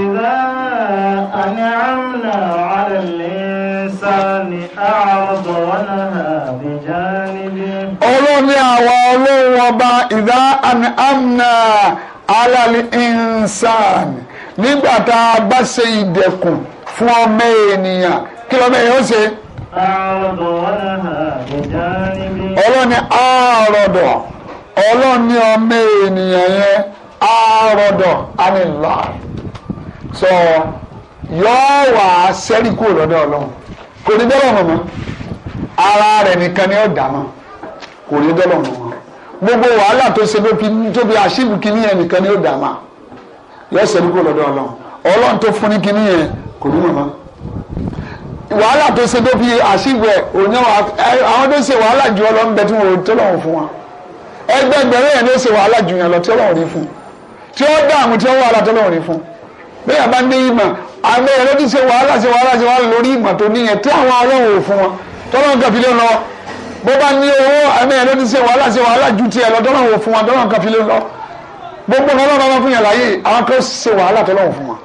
Speaker 1: الإنسان أعرض ونهى بجانبه ọlọ́run ní àwa
Speaker 2: ọlọ́run ọba ìdá àmì àmìnà alali insan nígbà tá a bá ṣe ìdẹ̀kùn fún ọmọ ènìyàn kí lọ́mọ èèyàn ó ṣe.
Speaker 1: ọlọ́run
Speaker 2: ní àárọ̀dọ̀ ọlọ́run ní ọmọ ènìyàn yẹn àárọ̀dọ̀ anilá sọ yọ̀ọ́ wà á sẹ́rí kúrò lọ́dọ̀ ọlọ́run. kò ní dọ́lọ̀ mọ̀ mọ́ ara rẹ̀ nìkan ni ó dà mọ́ kò ní dọ́lọ̀ mọ̀ mọ́ gbogbo wàhálà tó ṣe tó fi àṣìbù kínní yẹn nìkan ni ó dà mọ́ yọ sẹ́ni kó lọ́dọ̀ ọlọ́run ọlọ́run tó fún ní kínní yẹn kò ní mọ̀ mọ́ wàhálà tó ṣe tó fi àṣìbù ẹ̀ òní àwọn tó ṣe wàhálà ju ọlọ́run bẹ tí wọ́n tó lọ́wọ́ fún wọn ẹgbẹgbẹrún yẹn ló ṣe wàhálà ju yẹn lọ tí Ọlọ́run rí fún tí ó dá tí ó wàhálà rí fún bẹ́ẹ̀ bá àmì ẹ̀rọ ti ṣe wàhálà ṣe wàhálà ṣe wàhálà lórí ìmọ̀ tó níyẹn tí àwọn ọlọ́run ò fún wọn tọ́lọ́run kan fi lé lọ bó bá ní owó àmì ẹ̀rọ ti ṣe wàhálà ṣe wàhálà ju tiẹ̀ lọ tọ́lọ́run ò fún wọn tọ́lọ́run kan fi lé lọ gbogbo ọlọ́run bá fún yàn láyé àwọn kan ṣe wàhálà tọ́lọ́run fún wọn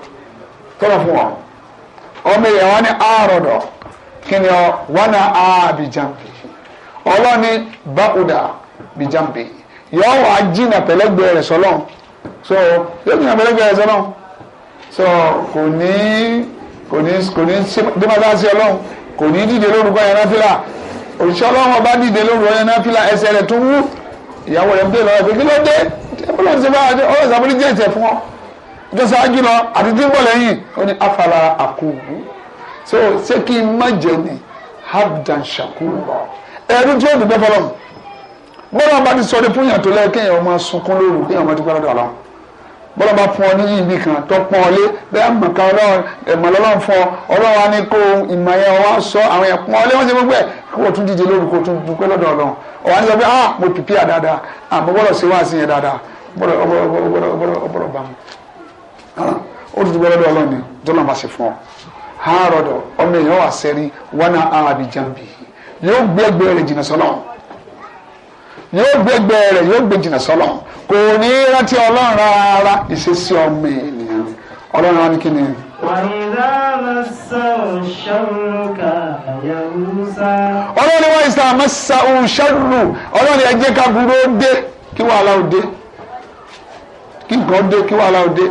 Speaker 2: tọ́lọ́run fún wọn ọmọ èèyàn wọn ní àárọ̀dọ̀ kí ni wọn na àbíjàmpì ọlọ́ni bákúdà bíjàmpì yọ̀ọ́ wàá jìnnà pẹ̀lẹ́gbẹ̀ẹ́ rẹ̀ sọ́lọ́ so yóò jìnnà pẹ̀lẹ́gbẹ̀ẹ́ rẹ̀ sọ́lọ́ so kò ní kò ní kò ní dẹ́mọ́sáàsì ọlọ́run kò ní dìde lórúkọ yẹn náfìlà òṣìṣẹ́ ọlọ́run ọba dìde lórúkọ yẹn náfìlà ẹsẹ̀ rẹ̀ tó wú ìyàwó rẹ̀ ń bèèrè lọ́wọ́ pé kí ló dé ọlọ́run ti bá ọlọ́run sàbúrú jẹ́ ìtẹ̀ fún ọ ọjọ́ sáájú lọ àti tí lẹ́yìn ó ní afara àkùbù so ṣé kí n má jẹ ni habdan shakura ẹ̀rú tí ó dùn bẹ́ fọlọ́run bọ́lá ọba ti sọ bọ́lá bá fún ọ ní ibi kan tó pọ́n ọ lé bẹ́ẹ̀ mọ̀ kan ẹ̀mọ̀ lọ́lọ́run fún ọ ọlọ́run á ní kó ìmọ̀ sọ àwọn yẹn pọ́n ọ lé wọ́n ti gbogbo ẹ̀ kó o tún díje o tún dúpẹ́ lọ́dọ̀ ọlọ́run ya ní sọ pé ah mo pìpì à dáadáa ah, mo gbọ́dọ̀ ṣe yẹn dáadáa bá ah, ó dúpẹ́ lọ́dọ̀ ọlọ́run ni yóò gbégbé rẹ̀ yóò gbé jìnnà sọ́lọ̀ kò ní rántí ọlọ́run rárá ìṣesí ọmọ ènìyàn ọlọ́run rárá ni kí ni. ọlọ́run wá ìsà àmọ́sà òun ṣẹ́rù ọlọ́run ẹ jẹ́ ká burú ó dé kí wàhálà ó dé kí nǹkan ó dé kí wàhálà ó dé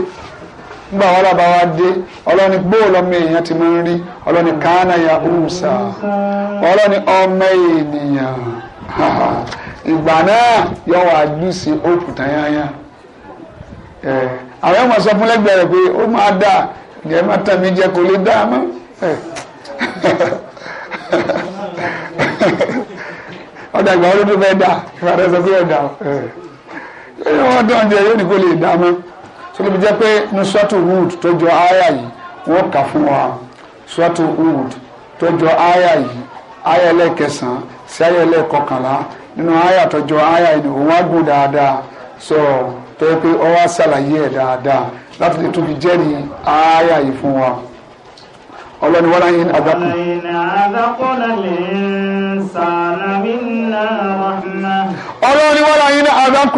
Speaker 2: nígbà wàhálà bá wa dé ọlọ́ni gbóò lọ́mọ èèyàn ti máa ń rí ọlọ́ni kánà ya ọ̀hún sá ọlọ́ni ọmọ ènìyàn ìgbà náà yọ wà lùsì òkú tanyanya ẹ àwọn ọmọ sọ fún lẹ́gbẹ̀ẹ́ rẹ pé ó máa dà ní ẹ má tàn mí jẹ kò lè dá a mọ́ ọ̀dà ìgbà olódó fẹ́ dà ìgbà rẹ sọ pé ọ̀dà ẹ yóò wọ́n dán jẹ yóò ní kó lè dá a mọ́ sọlọ́bi jẹ́ pé ní sọ́tù wood tó jọ áyà yìí wọ́n kà fún wa sọ́tù wood tó jọ áyà yìí áyà ẹlẹ́kẹsàn-án sí áyà ẹlẹ́kọkànlá nínú àyà tọjọ àyà ìlú òun á gùn dáadáa sọ tó yẹ pé ọwọ́ àṣàlàyé ẹ̀ dáadáa láti lè tóbi jẹ́rìí àyà yìí fún wa ọlọ́ni wọ́n láyé àdákù. ọlọ́ni wọ́n
Speaker 1: láyé àdákù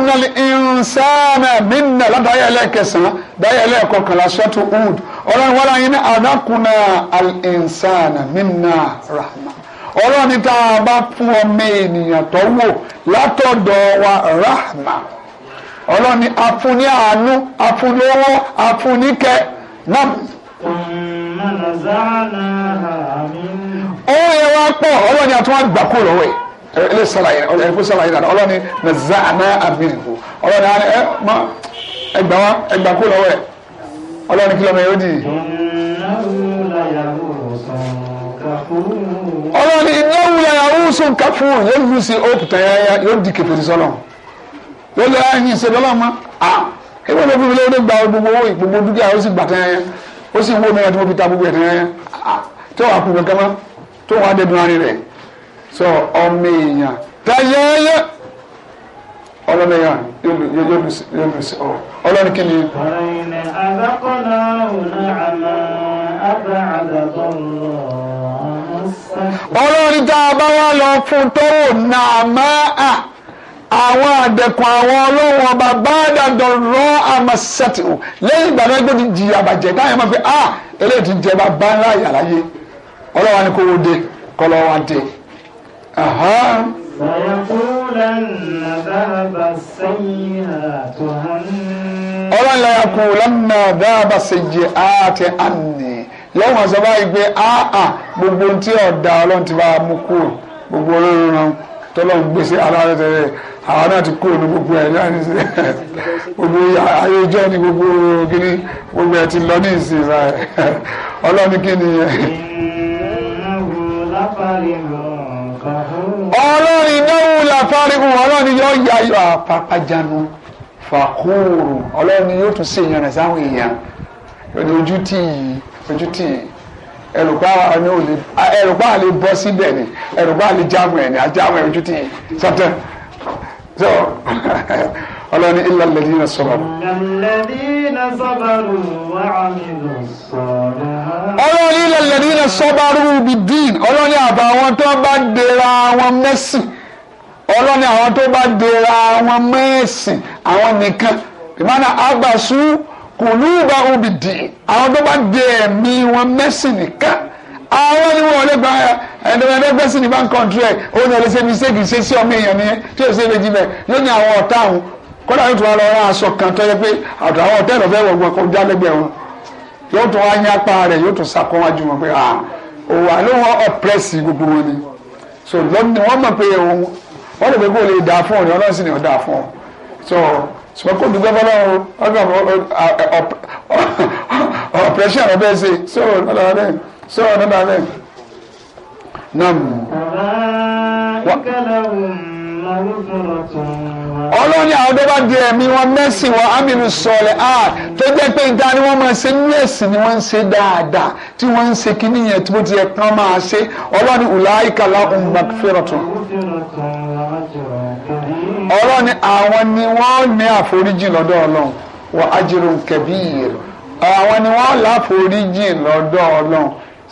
Speaker 2: náà ìrìnsáàmì mínà látàrí ẹlẹ́kẹsàn-án dáyé ẹlẹ́kọkànlá ṣẹ́tù ud ọlọ́ni wọ́n láyé àdákù náà ìrìnsáàmì mínà rahma ọlọ́run ní tá a bá fún ọmọ ènìyàn tó wò látọ̀dọ̀ wa rahma ọlọ́run ní afúnni àánú afúnlówó afúnníkẹ náà. ó yẹ wá pọ̀ ọlọ́run ní àtúwọ́n gbà kó lọ́wọ́ ẹ̀ ilé sàlàyé ẹ̀fọ́ sàlàyé dada ọlọ́ni na za àná àbínfò ọlọ́ni àná ẹ má ẹgbà wá ẹgbà kó lọ́wọ́ ẹ
Speaker 1: ọlọ́ni kìlọ̀ mẹ́rin ó dì í
Speaker 2: ọlọ́run ní ìnáwó yàrá oṣù yóò lù sí òkùtà yáyá yóò di kẹfẹ́rì sọ́lọ̀ yóò lè ráyìn ah, ìṣe lọ́lọ́ a ah, ewé ló fi lóde gba gbogbo owó ìgbogbo dúkìá ó sì gbà tán ó sì wó náírà tí mo fi ta gbogbo ẹ̀ tán ah, tó wàá kú kankan tó wàá dẹ́dun arin rẹ̀ sọ ọmọ èèyàn tá yáyá ọlọ́run yà ọlọ́run tá a bá wá lọ fún tó náà máa àwọn àdẹ̀kùn àwọn ọlọ́run ọba bàdàdàn rọ àmà sẹ́tìwò lẹ́yìn ìgbà náà gbọ́dọ̀ di àbàjẹ́ báyìí máa fi à eléyìí ti ń jẹ́ bá bá ńlá yàrá yé ọlọ́run ni kò wò dé kọ́ lọ́ wá dé. ọlọ́run lọ́ọ́
Speaker 1: yà kú lẹ́nu náà bá a
Speaker 2: bá ṣe yẹ àti àná. yóò máa sọ báyìí pé áà gbogbo ohun tí ọ̀dà ọlọ́run ti bá a mú kúrò gbogbo olóró ran tọ́lọ́run gbèsè alára tẹ̀lé àwọn náà ti kúrò ní gbogbo ẹ̀ yá ní sí
Speaker 1: gbogbo ayé
Speaker 2: ni gbogbo kíní gbogbo ẹ̀ ti lọ ní ìsìn rà ọlọ́run kíni
Speaker 1: ọlọ́run
Speaker 2: ìdánwò làfárígùn ọlọ́run yóò yá yọ àpapàjánu fàkóòrò ọlọ́run yóò tún sí ìyànrẹ̀ sáwọn èèyàn lójú tì yìí fojú tì í ẹrùpá ni ò lè ẹrùpá lè bọ́ síbẹ̀ ni ẹrùpá lè jáàmù ẹ̀ ni ajáàmù ẹ̀ fojú tì í sọ́tẹ̀ so ọlọ́ni ilà lẹ́dí iná sọ̀rọ̀. ọlọ́ni ilà lẹ́dí iná sọ́bárù bí dín ọlọ́ni àbá àwọn tó bá dèrò àwọn mẹ́sìn ọlọ́ni àwọn tó bá dèrò àwọn mẹ́sìn àwọn nìkan ìmọ̀nà àgbàsú kùlùbà òbí dì àwọn tó bá dé ẹ̀mí wọn mẹ́sìn nìkan àwọn ni wọn lè gba ẹ̀ẹ́dẹ́gbẹ́sìn ní bank contract òun ni ọ̀lẹ́sẹ̀ mi ṣéèkì ṣe sí ọmọ èèyàn nìyẹn tí ò sí èméjì bẹ́ẹ̀ lónìí àwọn ọ̀tá àwọn kọ́dà yóò tún wá lọ ra aṣọ kan tó yẹ pé àtàwọn ọ̀tẹ́ẹ̀lì ọ̀fẹ́ wọ̀gbọ̀n kò já lẹ́gbẹ̀ẹ́ wọn yóò tún wá yín apá rẹ̀ yóò tún ṣàkọ́wájú wọn pé ah òwò àlọ́ wọn ọ̀pẹ́sì gbogbo wọn ni so lọ́nà wọn mọ̀ pé òun wọ́n lè pé kó lè dà fún ni ó dà fún ọ so ṣùgbọ́n kò dúpẹ́ fọlọ́run ọkàn ọ̀pẹ̀ṣẹ̀ rẹ̀ bẹ́ẹ̀ ṣe sọ̀rọ̀ nígbà rẹ̀ sọ̀rọ̀ nígbà rẹ̀ nam. ọlọ́ni àwọn tó bá di ẹ̀mí wọn mẹ́sìn wọn amínú sọ̀rọ̀ a tó jẹ́ pé nǹkan ni wọ́n máa ṣe ní ẹ̀sìn ni wọ́n ń ṣe dáadáa tí wọ́n ń ṣe kíní yẹn tí ti yẹ kán máa ṣe ọlọ́ni ùláìkàlà ọ̀hún mọ̀kífẹ́rọ̀tún ọlọ́run ni àwọn ni wọ́n ní àforíjì lọ́dọ̀ ọlọ́run wọ́n ajrun kabir àwọn ni wọ́n láforíjì lọ́dọ̀ ọlọ́run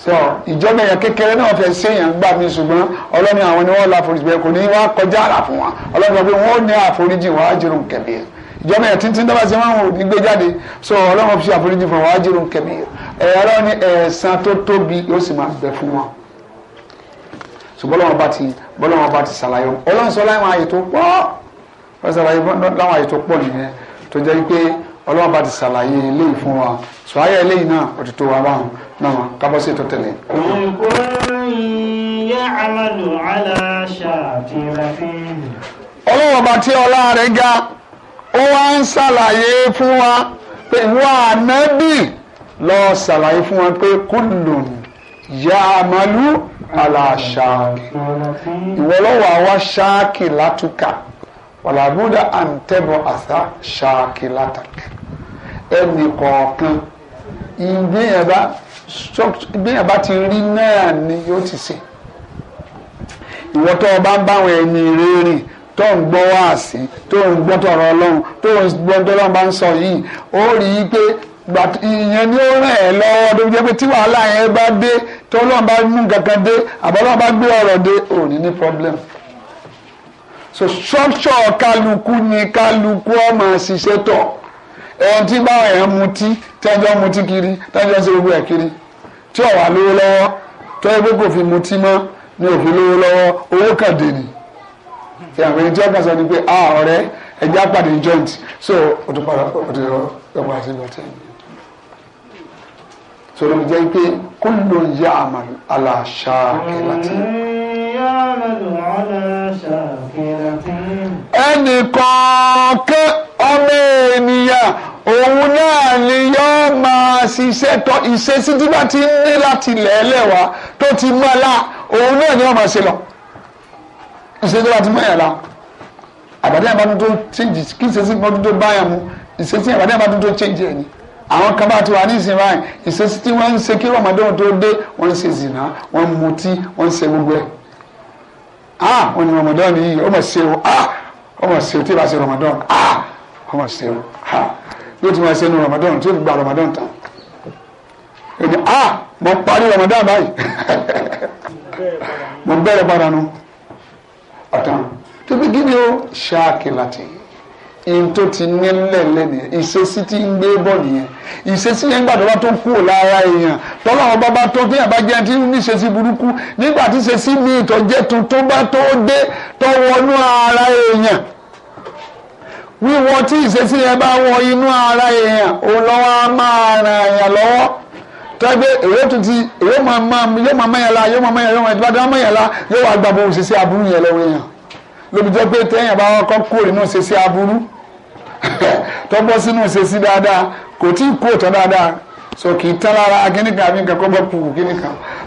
Speaker 2: so ìjọba èèyàn kékeré náà fẹ́ séèyàn gbà mí ṣùgbọ́n ọlọ́run àwọn ni wọ́n láforíjì bẹ́ẹ̀ kò ní wá kọjá àlà fún wa ọlọ́run sọ pé wọ́n ní àforíjì wọ́n ajrun kabir ìjọba ẹ̀ títí dábàá sí wọn ò ní gbé jáde so ọlọ́run fi àforíjì fún wa ajrun kabir ẹ̀rọ ni ẹ̀san tó tóbi yóò sì máa bẹ fún ọlọ́run bá ti ṣàlàyé ọlọ́run sọ láwọn ààyè tó pọ̀ wọ́n ṣàlàyé láwọn àyè tó pọ̀ nìyẹn tó jẹ́ pé ọlọ́run bá ti ṣàlàyé eléyìí fún wa sọ ayé eléyìí náà ó ti tó wa báwọn náà kábọ́ sí ètò tẹ̀lé. ọlọ́run ọba tí ọlá rẹ̀ ga ó wá ń ṣàlàyé fún wa pé wà á nẹ́bì lọ ṣàlàyé fún wa pé kúndùn yàmàlú aláṣà ìwọ lọ́wọ́ àwa ṣáàkì látúkà wàlàbúdà àǹtẹ̀bọ̀ àṣà ṣàkìlátàk ẹnì kọ̀ọ̀kan ìgbéyàn bá ti rí náà ni yóò ti ṣe ìwọ tó o bá ń báwọn ẹni rírìn tó ń gbọ́ wáàsí tó ń gbọ́ tọ̀rọ̀ ọlọ́run tó ń gbọ́ tọ́lọ́ bá ń sọ yìí ó rí i pé ìyẹn ni ó ràn ẹ́ lọ́wọ́ tó jẹ́ pé tí wàhálà yẹn bá dé tọ́lọ́ bá mú kankan dé àbọ̀lọ́ bá gbé ọ̀rọ̀ dé ò ní problem so structure kálukú ni kálukú ọmọ ṣiṣẹ́ tọ̀ ẹ̀hún tí báwọn èèyàn mutí tẹ́jọ́ mutí kiri tẹ́jọ́ ṣe gbogbo ẹ̀ kiri tí ọ̀wà lówó lọ́wọ́ tó yẹ pé kò fi mutí mọ́ ni ò fi lówó lọ́wọ́ owó kàn dé ni ìyàwó ẹni tí ọ̀gá sọ ni pé a ah, ọ̀rẹ́ ẹ̀jẹ̀ apàdé joint so òtún padà òtún ọ̀gbà sí bàtẹ́ so ló fi jẹ́ pé kúlò yá àmàlà àlàáṣà kẹlàtì
Speaker 1: ẹnì
Speaker 2: kọ̀ọ̀kan ọmọ ènìyàn òun náà ni yóò máa ṣiṣẹ́ tọ́ ìṣesí tí bá ti ní láti lẹ́ẹ̀lẹ̀ wá tó ti mọ́ la òun náà ni wọ́n máa ṣe lọ ìṣesí tí bá ti mọ́ yàn la àbàdí àbàdí change kí ìṣesí bọ́dún tó báyà mu ìṣesí àbàdí àbàdí change ẹ̀ ni àwọn kan bá ti wà ní ìsìn báyìí ìṣesí tí wọ́n ń ṣe kí rọ̀mọdé wọn tó dé wọ́n ń ṣe zìnà wọ́n ń mutí wọ́n ń ṣe gbogbo ẹ̀ ah wọn ni Ramadan yìí ọmọ ṣe o ah ọmọ ṣe o tí ì bá ṣe Ramadan ah ọmọ ṣe o ah yóò ti máa ṣe nu Ramadan tí ó fi gba Ramadan tán èmi ah mo parí Ramadan báyìí mo bẹ̀rẹ̀ padà nu ọ̀tàn tó fi gíní o ṣáàkì láti yìí ihun tó ti ní lẹ́lẹ́ nìyẹn ìṣesí tí ń gbé bọ̀ nìyẹn ìṣesí yẹn nígbà tó bá tó kúrò lára èèyàn tọ́lá àwọn bàbá tó fi àbá jẹ́ tí ní ìṣesí burúkú nígbà tí ìṣesí mi ìtọ́jẹ́ tuntun bá tó dé tó wọnú ara èèyàn wíwọ tí ìṣesí yẹn bá wọ inú ara èèyàn òun lọ́wọ́ á máa ràn èèyàn lọ́wọ́ tẹ́gbẹ́ èrò tuntun èrò máa máa yóò máa mẹ́yàn la yóò máa mẹ́yàn yóò máa ìdíbàdàn mẹ́yàn la yóò wá gbàgbọ́ òṣìṣẹ́ aburú yẹn lọ́wọ́ èèyàn lóbi jẹ́ pé tẹ́yìn àbáwọ́ kọ́ kúrò nínú òṣìṣẹ́ aburú tọ́pọ̀ sínú ṣe sí dáadáa kò tí ì kú òtọ́ dáadáa so kì í tán lára kíní kan àbí nǹkan bọ́ kú kíní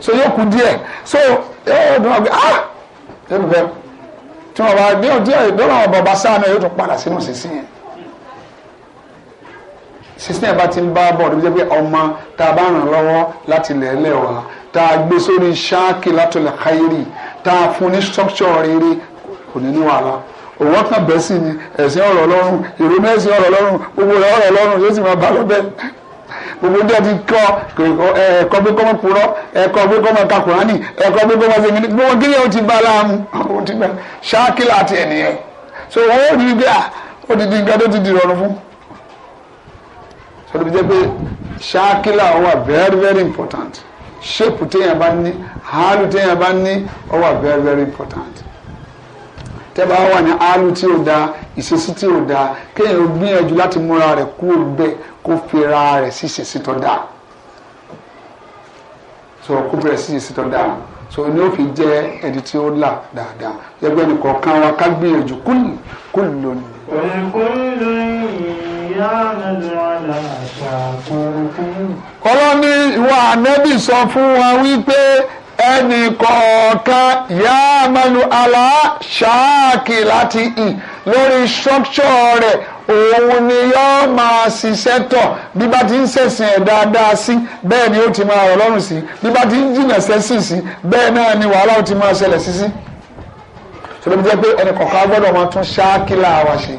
Speaker 2: so yóò kú díẹ̀ so yóò dùn ọgbẹ́ ah ebi bẹ́ẹ̀ tí wọ́n bá ní ọjọ́ ìdọ́nà ọ̀bọ̀ bá sáà náà yóò tún padà sínú sísìn yẹn sísìn yẹn bá ti ń bá bọ̀ níbi jẹ́ pé ọmọ tá a bá ràn lọ́wọ́ láti lẹ̀ lẹ̀ tá a gbé sórí ṣáàkì látọ̀lẹ̀ káyérì tá a fún ní structure rere kò ní ní wàhálà òwò kan bẹ́ sí ni ẹ̀sìn ọ̀rọ̀ lọ́rùn ìrònú ẹ̀sìn ọ̀rọ̀ lọ́rùn gbogbo rẹ̀ ọ̀rọ̀ lọ́rùn yóò sì máa bá lọ bẹ́ẹ̀ gbogbo díẹ̀ ti kọ́ ẹ̀kọ́ pé kọ́ mọ́ purọ́ ẹ̀kọ́ pé kọ́ mọ́ ka kùránì ẹ̀kọ́ pé kọ́ mọ́ segin gbogbo kí yẹn ó ti bá láàmú ó ti bá ṣáàkìlà àti ẹ̀nìyẹn so wọ́n ó rí bí ó ti di nǹkan tó ti di rọrùn fún sọdọ́ bí jẹ́ pé ṣáàkìlà wà very very important ṣépù téèyàn bá ní hàálù téèyàn bá ní ó wà very very important tẹ́bà wà ní áálù tí ò da ìṣesí tí ò da kéèyàn gbìyànjú láti múra rẹ̀ kúrò bẹ́ẹ̀ kó fira rẹ̀ sí ìṣesí tó da so kó fira sí ìṣesí tó da so ní ó fi jẹ́ ẹni tí ó là dáadáa ẹgbẹ́ nìkan kan wa ká gbìyànjú kúlù kúlù lónìí.
Speaker 1: òǹkúlù ìyá àlàlà àṣà kọ̀ọ̀kan.
Speaker 2: ọlọ́ni ìwà ànẹ́bì sọ fún wa wípé ẹnì kọ̀ọ̀kan yá mẹ́nu àlá ṣáàkì láti ì lórí structure rẹ̀ òun ni yóò máa ṣiṣẹ́ tọ̀ bí bá ti ń ṣẹ̀sìn ẹ̀ dáadáa sí bẹ́ẹ̀ ni ó ti máa rọ̀ lọ́rùn sí bí bá ti ń jìnà sẹ́sìn sí bẹ́ẹ̀ náà ni wàhálà ó ti máa ṣẹlẹ̀ sí sí. sọlá bí jẹ́ pé ẹnì kọ̀ọ̀kan gbọ́dọ̀ máa tún ṣáàkì láàwá ṣe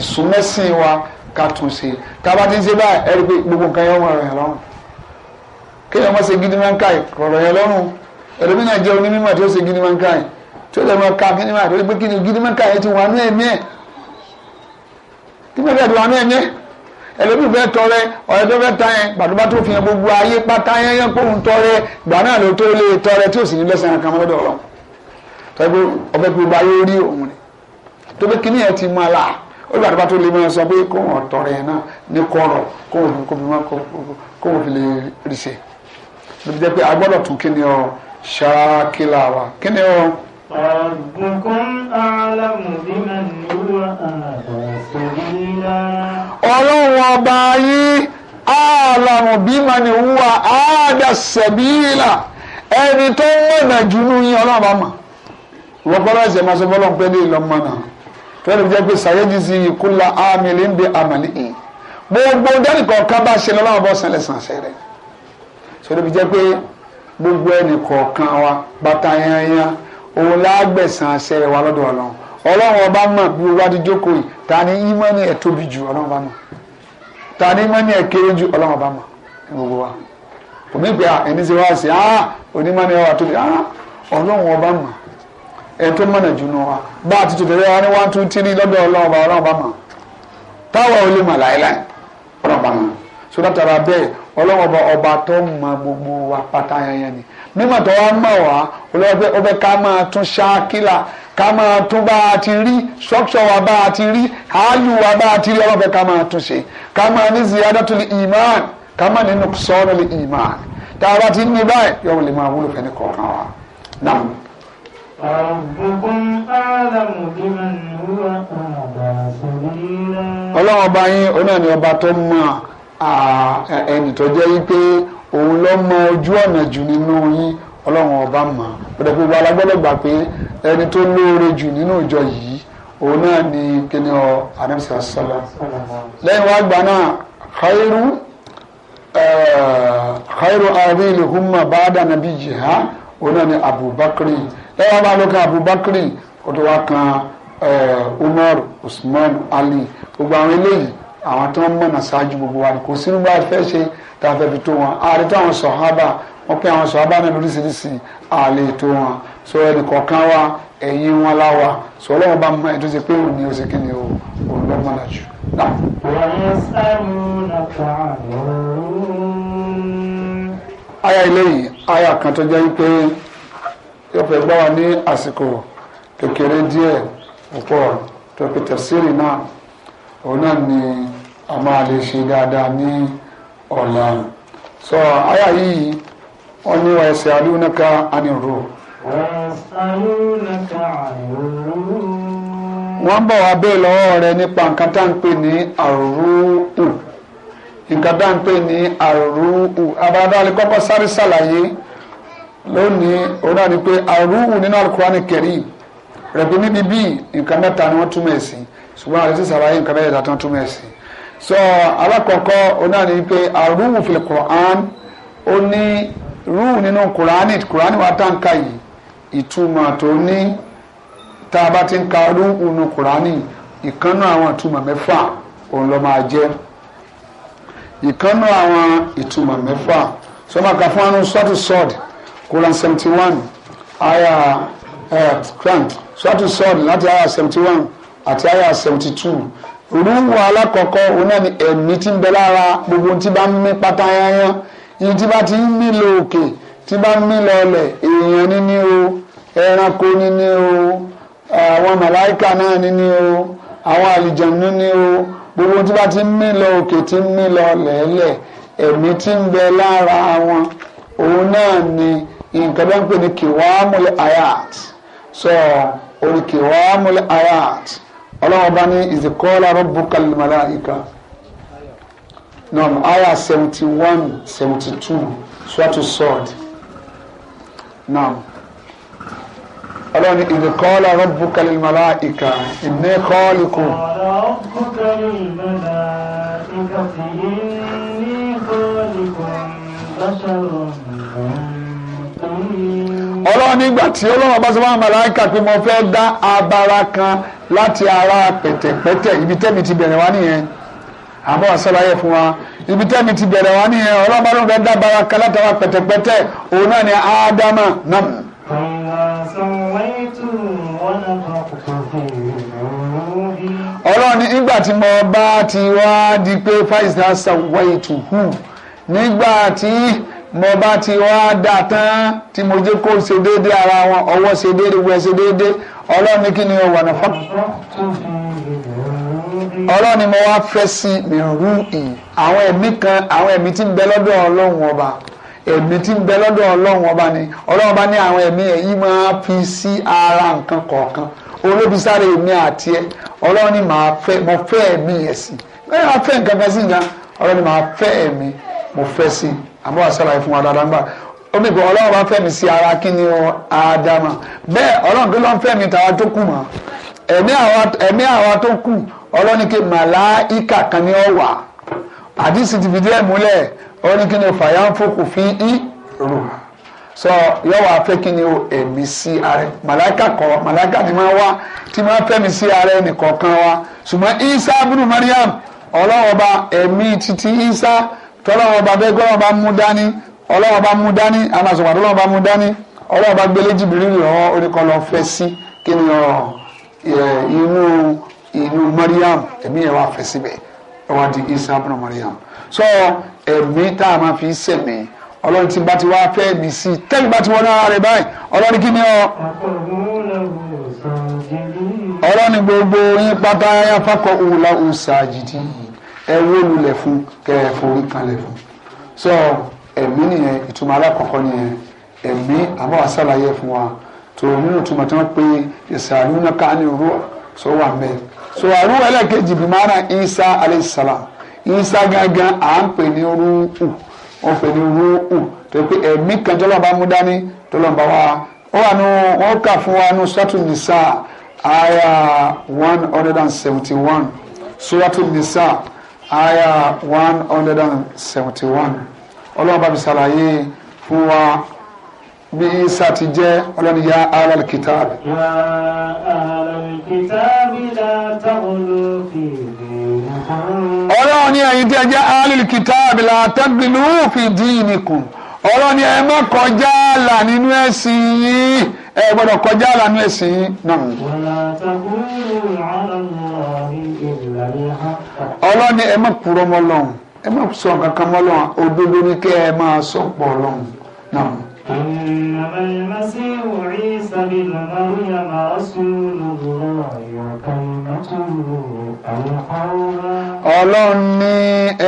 Speaker 2: ìsúnmẹ́sìn wa ká tún ṣe tá bá ti ń ṣe báyìí ẹ rí i pé gbogbo nǹkan yẹn wọ̀ ọ̀rọ̀ yẹn lọ́rùn kéèyàn má ṣe gidi máa ń ká ìkọ̀rọ̀ ẹlòmíì náà jẹ́ onímọ̀ tí ó ṣe gínímọ̀ká yẹn tí ó lè máa ka gidi àti pé gínímọ̀ká yẹn ti wà ní ẹ̀mí ẹ̀ gínímọ̀ká ti wà ní ẹ̀mí ẹ̀ ẹlòmíì fẹ́ tọrẹ ọ̀rẹ́ tó fẹ́ ta yẹn gbàdúrà tó fi hàn gbogbo ayé pátá yẹn yẹn kóhun tọrẹ gbà náà ló tó lè tọrẹ tí ò sì ní lẹ́sìn àkàmọ́ lọ́dọ̀ ọ̀rọ̀ tọ́jú ọbẹ̀ gbogbo ni tó bẹ́ kíní ẹ̀ ti máa là ó gbà tó bá tó lè máa sọ pé kó wọn tọrọ yẹn náà ní kọ̀rọ̀ kó wọn fi lè rí lóbi jẹ́ pé a gbọ́dọ̀ tún kíni ọ ṣáàkìlà wa kí ni o.
Speaker 1: rabbukum a'lamu biman huwa ahda sabila.
Speaker 2: ọlọ́run ọba yín a'lamu biman huwa ahda sabila ẹni tó ń mọ̀nà jù ní yín ọlọ́run bá mọ̀ wọ́n gbọ́dọ̀ ẹ̀sẹ̀ máa sọ fọlọ́n pé ní ìlọ́mọ náà fẹ́ẹ́rẹ́ jẹ́ pé sàyẹ́jì sí ìkúlà àmìlí ń bẹ àmàlí yìí gbogbo dẹ́nìkan ká bá ṣe lọ́wọ́ bọ́ sẹ́lẹ̀ sàn sẹ́rẹ̀ sọ́dọ̀ bí jẹ́ pé gbogbo ẹnì kọ̀ọ̀kan wa bàtà yanyan òun lágbẹ̀sán aṣẹ́ wa lọ́dọ̀ ọlọ́run ọlọ́run ọba mọ̀ bí wọ́n bá ti jókòó yìí ta ni ìmọ̀ni ẹ̀ tóbi jù ọlọ́run ọba mọ̀ ta ni ìmọ̀ni ẹ̀ kéré jù ọba mọ̀ gbogbo wa òmí pé ẹni ṣe wá sí ah wà tóbi ah ọlọ́run ọba mọ̀ ẹ̀ tó mọ̀nà jù nù wa bá a ti tẹ̀lé wa one ọba ọlọ́run ọba mọ̀ táwa ọba mọ̀ so látara bẹ́ẹ̀ ọlọ́wọ́ ọba ọba tó mọ gbogbo wa pátá yẹn ni mímọ̀ tó wá mọ̀ wá olóògbé ọbẹ̀ ká máa tún ṣáàkìlà ká máa tún bá a ti rí structure wa bá a ti rí àálù wa bá a ti rí ọlọ́fẹ́ ká máa tún ṣe ká máa ní ziyadatul iman ká máa nínú sọ́ọ́nù lè iman tá a bá ti ní báyìí yóò lè máa wúlò fẹ́ni kọ̀ọ̀kan wa náà. ọlọ́wọ́ ọba yín onáà ni ọba tó mọ̀ ẹnì tó jẹ́ wípé òun ló mọ ojú ọ̀nà jù nínú yín ọlọ́run ọba mọ̀ ọ̀dọ̀ gbogbo alágbọ́dọ̀ gbà pé ẹni tó lóore jù nínú ìjọ yìí òun náà ni kíni ọ anamisa sọlá lẹ́yìn wá gbà náà khairu khairu aril humma bada nabi jiha òun náà ni abubakari lẹ́yìn wá bá lókè abubakari kó tó wá kan umar usman ali gbogbo àwọn eléyìí àwọn tó ń mọ̀nà ṣáájú gbogbo wa kò sínú bá fẹ́ ṣe tá a fẹ́ fi tó wọn ààrẹ tó àwọn sọ̀hábà wọ́n pé àwọn sọ̀hábà náà lóríṣiríṣi ààlè tó wọn sọ ẹnì kọ̀ọ̀kan wa ẹ̀yìn wọn láwa sọ ọlọ́run bá mọ ẹ̀dọ́ ṣe pé òun ni ó ṣe kí ni o òun lọ́ mọ̀nà jù. aya eléyìí aya kan tó jẹ́ pé yóò fẹ́ gbọ́ wa ní àsìkò kékeré díẹ̀ púpọ̀ tó fi tẹ̀síìrì náà òun náà ni a máa lè ṣe dáadáa ní ọ̀la sọ àyà yìí wọ́n ní wọ́n ẹsẹ̀ alúnáka anìrò. wọ́n bọ̀ wá bẹ́ẹ̀ lọ́wọ́ rẹ nípa nǹkan tá à ń pè ní àrùrù nǹkan tá à ń pè ní àrùrù abadá lè sáré ṣàlàyé lónìí òun náà ni pé àrùrù nínú alukurani kẹrì rẹ̀ pé níbi bíi nǹkan mẹ́ta ni wọ́n túmọ̀ ẹ̀ sí ṣùgbọ́n àrètí ṣàlàyé nǹkan mẹ́ta tí wọ́n túmọ̀ ẹ̀ sí so alakoko onáà ni pé àrùn fi Qur'an ó ru rúù nínú Qur'ani Qur'ani wa tá n ka yìí ìtumọ̀ tó ní tá a bá ti ń ka rúù nínú Qur'ani ìkànnà àwọn ìtumọ̀ mẹ́fà òun ló máa jẹ́ ìkànnà àwọn ìtumọ̀ mẹ́fà sọmọkà fún anú Qur'an seventy one aya ẹ̀ eh, Qur'an sọ́tù sọ́ọ̀dì láti aya seventy one aya seventy rúwù alákọ̀ọ́kọ́ òun ni ẹ̀mí tí ń bẹ lára gbogbo tí bá ń mí pátá yányán iye tí bá ti ń mí lọ òkè tí bá ń mí lọ ọlẹ̀ èèyàn níní o ẹranko níní o àwọn màláìkà náà níní o àwọn àlìjàn níní o gbogbo tí bá ti ń mí lọ òkè tí ń mí lọ lẹ́lẹ̀ ẹ̀mí tí ń bẹ lára wọn òun náà ni nǹkan bá ń pè ní kìwámúlẹ̀ ayat sọ orí kìwámúlẹ̀ ayat. So, ọlọ́wọ́n bá ní ìzìkọ́lá rabbukal malaika nọm aya seventy one seventy two swatu sọ́ọ̀d nọm ọlọ́wọ́n ní ìzìkọ́lá rabbukal malaika inna khaliqu. ọlọ́wọ́n nígbà tí ọlọ́wọ́n bá sọ fún àwọn màláìka pé mo fẹ́ dá abara kan láti ara pẹ̀tẹ̀pẹ̀tẹ̀ ibi tẹ́mi ti bẹ̀rẹ̀ wá nìyẹn àbọ̀ àṣàlàyé fún wa ibi tẹ́mi ti bẹ̀rẹ̀ wá nìyẹn ọlọ́mọdé ló fẹ́ dábàá kálátara pẹ̀tẹ̀pẹ̀tẹ̀ òun náà ni ádámà náà. ọlọ́run ní ìgbà tí mo bá ti wá di pé fáìsì àṣàwọ̀ ìtùkù nígbà tí mo bá ti wá dà tán tí mo jẹ́ kó ṣe déédéé ara wọn ọwọ́ ṣe déédéé wẹ́ ṣe déédéé ọlọ́run ní kí ni o wà ní fọ́n. ọlọ́run ni mo wá fẹ́ sí mi rú ìyìn àwọn ẹ̀mí kan àwọn ẹ̀mí tí ń bẹ lọ́dọ̀ ọlọ́run ọba ẹ̀mí tí ń bẹ lọ́dọ̀ ọlọ́run ọba ni ọlọ́run ọba ní àwọn ẹ̀mí ẹ̀ yìí máa fi sí ara nǹkan kọ̀ọ̀kan olóbi sáré èmi àti ẹ ọlọ́run ni màá fẹ́ mo fẹ́ ẹ̀mí ẹ̀ sí lẹ́yìn máa fẹ́ nǹkan kan sí nǹkan ọlọ́run ni fẹ́ ẹ̀mí mo fẹ́ sí àmọ́ àṣàlàyé fún wa dáadáa nígbà omi gbọ́ ọlọ́run bá fẹ́ mi sí ara kí ni o àdàmà bẹ́ẹ̀ ọlọ́run tó ló ń fẹ́ mi tàwa tó kù mọ́ ẹ̀mí àwa tó kù ọlọ́run kí màláìkà kan ni ọ wà àdìsí ti fi díẹ̀ múlẹ̀ ọlọ́run kí ni o fàyà ń fòkù fi í rò sọ yọ wà fẹ́ kí ni o ẹ̀mí sí ara màláìkà kọ màláìkà ti máa wá ti máa fẹ́ sí ara ẹnìkọ̀ọ̀kan wa ṣùgbọ́n Isa bínú Mariam ọlọ́run ọba ẹ̀mí titi Isa tọ́lọ́run ọba bẹ́ẹ̀ gbọ́dọ̀ bá mú dání ọlọ́wọ́ bá mú dání àwọn àsopàdé ọlọ́wọ́ bá mú dání ọlọ́wọ́ bá gbélé jìbìrìlì lọ́wọ́ ó ní kọ́ fẹ́ sí kí ni inú inú Mariam ẹ̀mí yẹn wà fẹ́ síbẹ̀ ẹ wá di Isa bọ́nà Mariam so ẹ̀mí tá a máa fi sẹ̀mí ọlọ́run ti bá ti wá fẹ́ mi sí i tẹ́lẹ̀ bá ti wọ́n náà rẹ̀ báyìí ọlọ́run kí ni ọ. ọlọ́run gbogbo yín pátá yá òwúlà òsà ẹ wó lulẹ̀ fún kẹ́ ẹ forí kalẹ̀ fún so ẹ̀mí nìyẹn ìtumọ̀ alákọ̀ọ́kọ́ nìyẹn ẹ̀mí àbáwá sàlàyé fún wa tó nínú ìtumọ̀ tí wọ́n pe ìsàlù náà ká ní òru sọ wà mẹ́. so àrùn ẹlẹ́kejì bí mara Isa alayhi salam Isa gangan à ń pè ní rúù wọ́n pè ní rúù tó pé ẹ̀mí kan tó lọ́nba mú dání tó lọ́nba wa ó wà nù wọ́n kà fún wa nù sọ́tù nìsa àyà one hundred and seventy one sọ́tù nìsa àyà one hundred and seventy one ọlọ́run bá fi ṣàlàyé fún wa bí isa ti jẹ́ ọlọ́ni ya alal kitab. ya alal kitab
Speaker 1: la taqulu fi
Speaker 2: ọlọ́run ní ẹ̀yin tí ẹ jẹ́ alal kitab la taqulu fi dinikum ọlọ́run ní ẹ má kọjá àlà nínú ẹ̀sìn yìí ẹ gbọ́dọ̀ kọjá àlà nínú ẹ̀sìn yìí náà.
Speaker 1: wala taqulu ala Allahi illa al-haqq. ọlọ́run
Speaker 2: ní ẹ má kúrò lọ́hùn ẹ má sọ nǹkan kan mọ́ lọ́wọ́ òdodo ni kẹ́ ẹ máa sọ pọ̀ lọ́hùn náà. إنما
Speaker 1: المسيح عيسى بن مريم رسول الله وكلمته ألقاها Ọlọ́run
Speaker 2: ní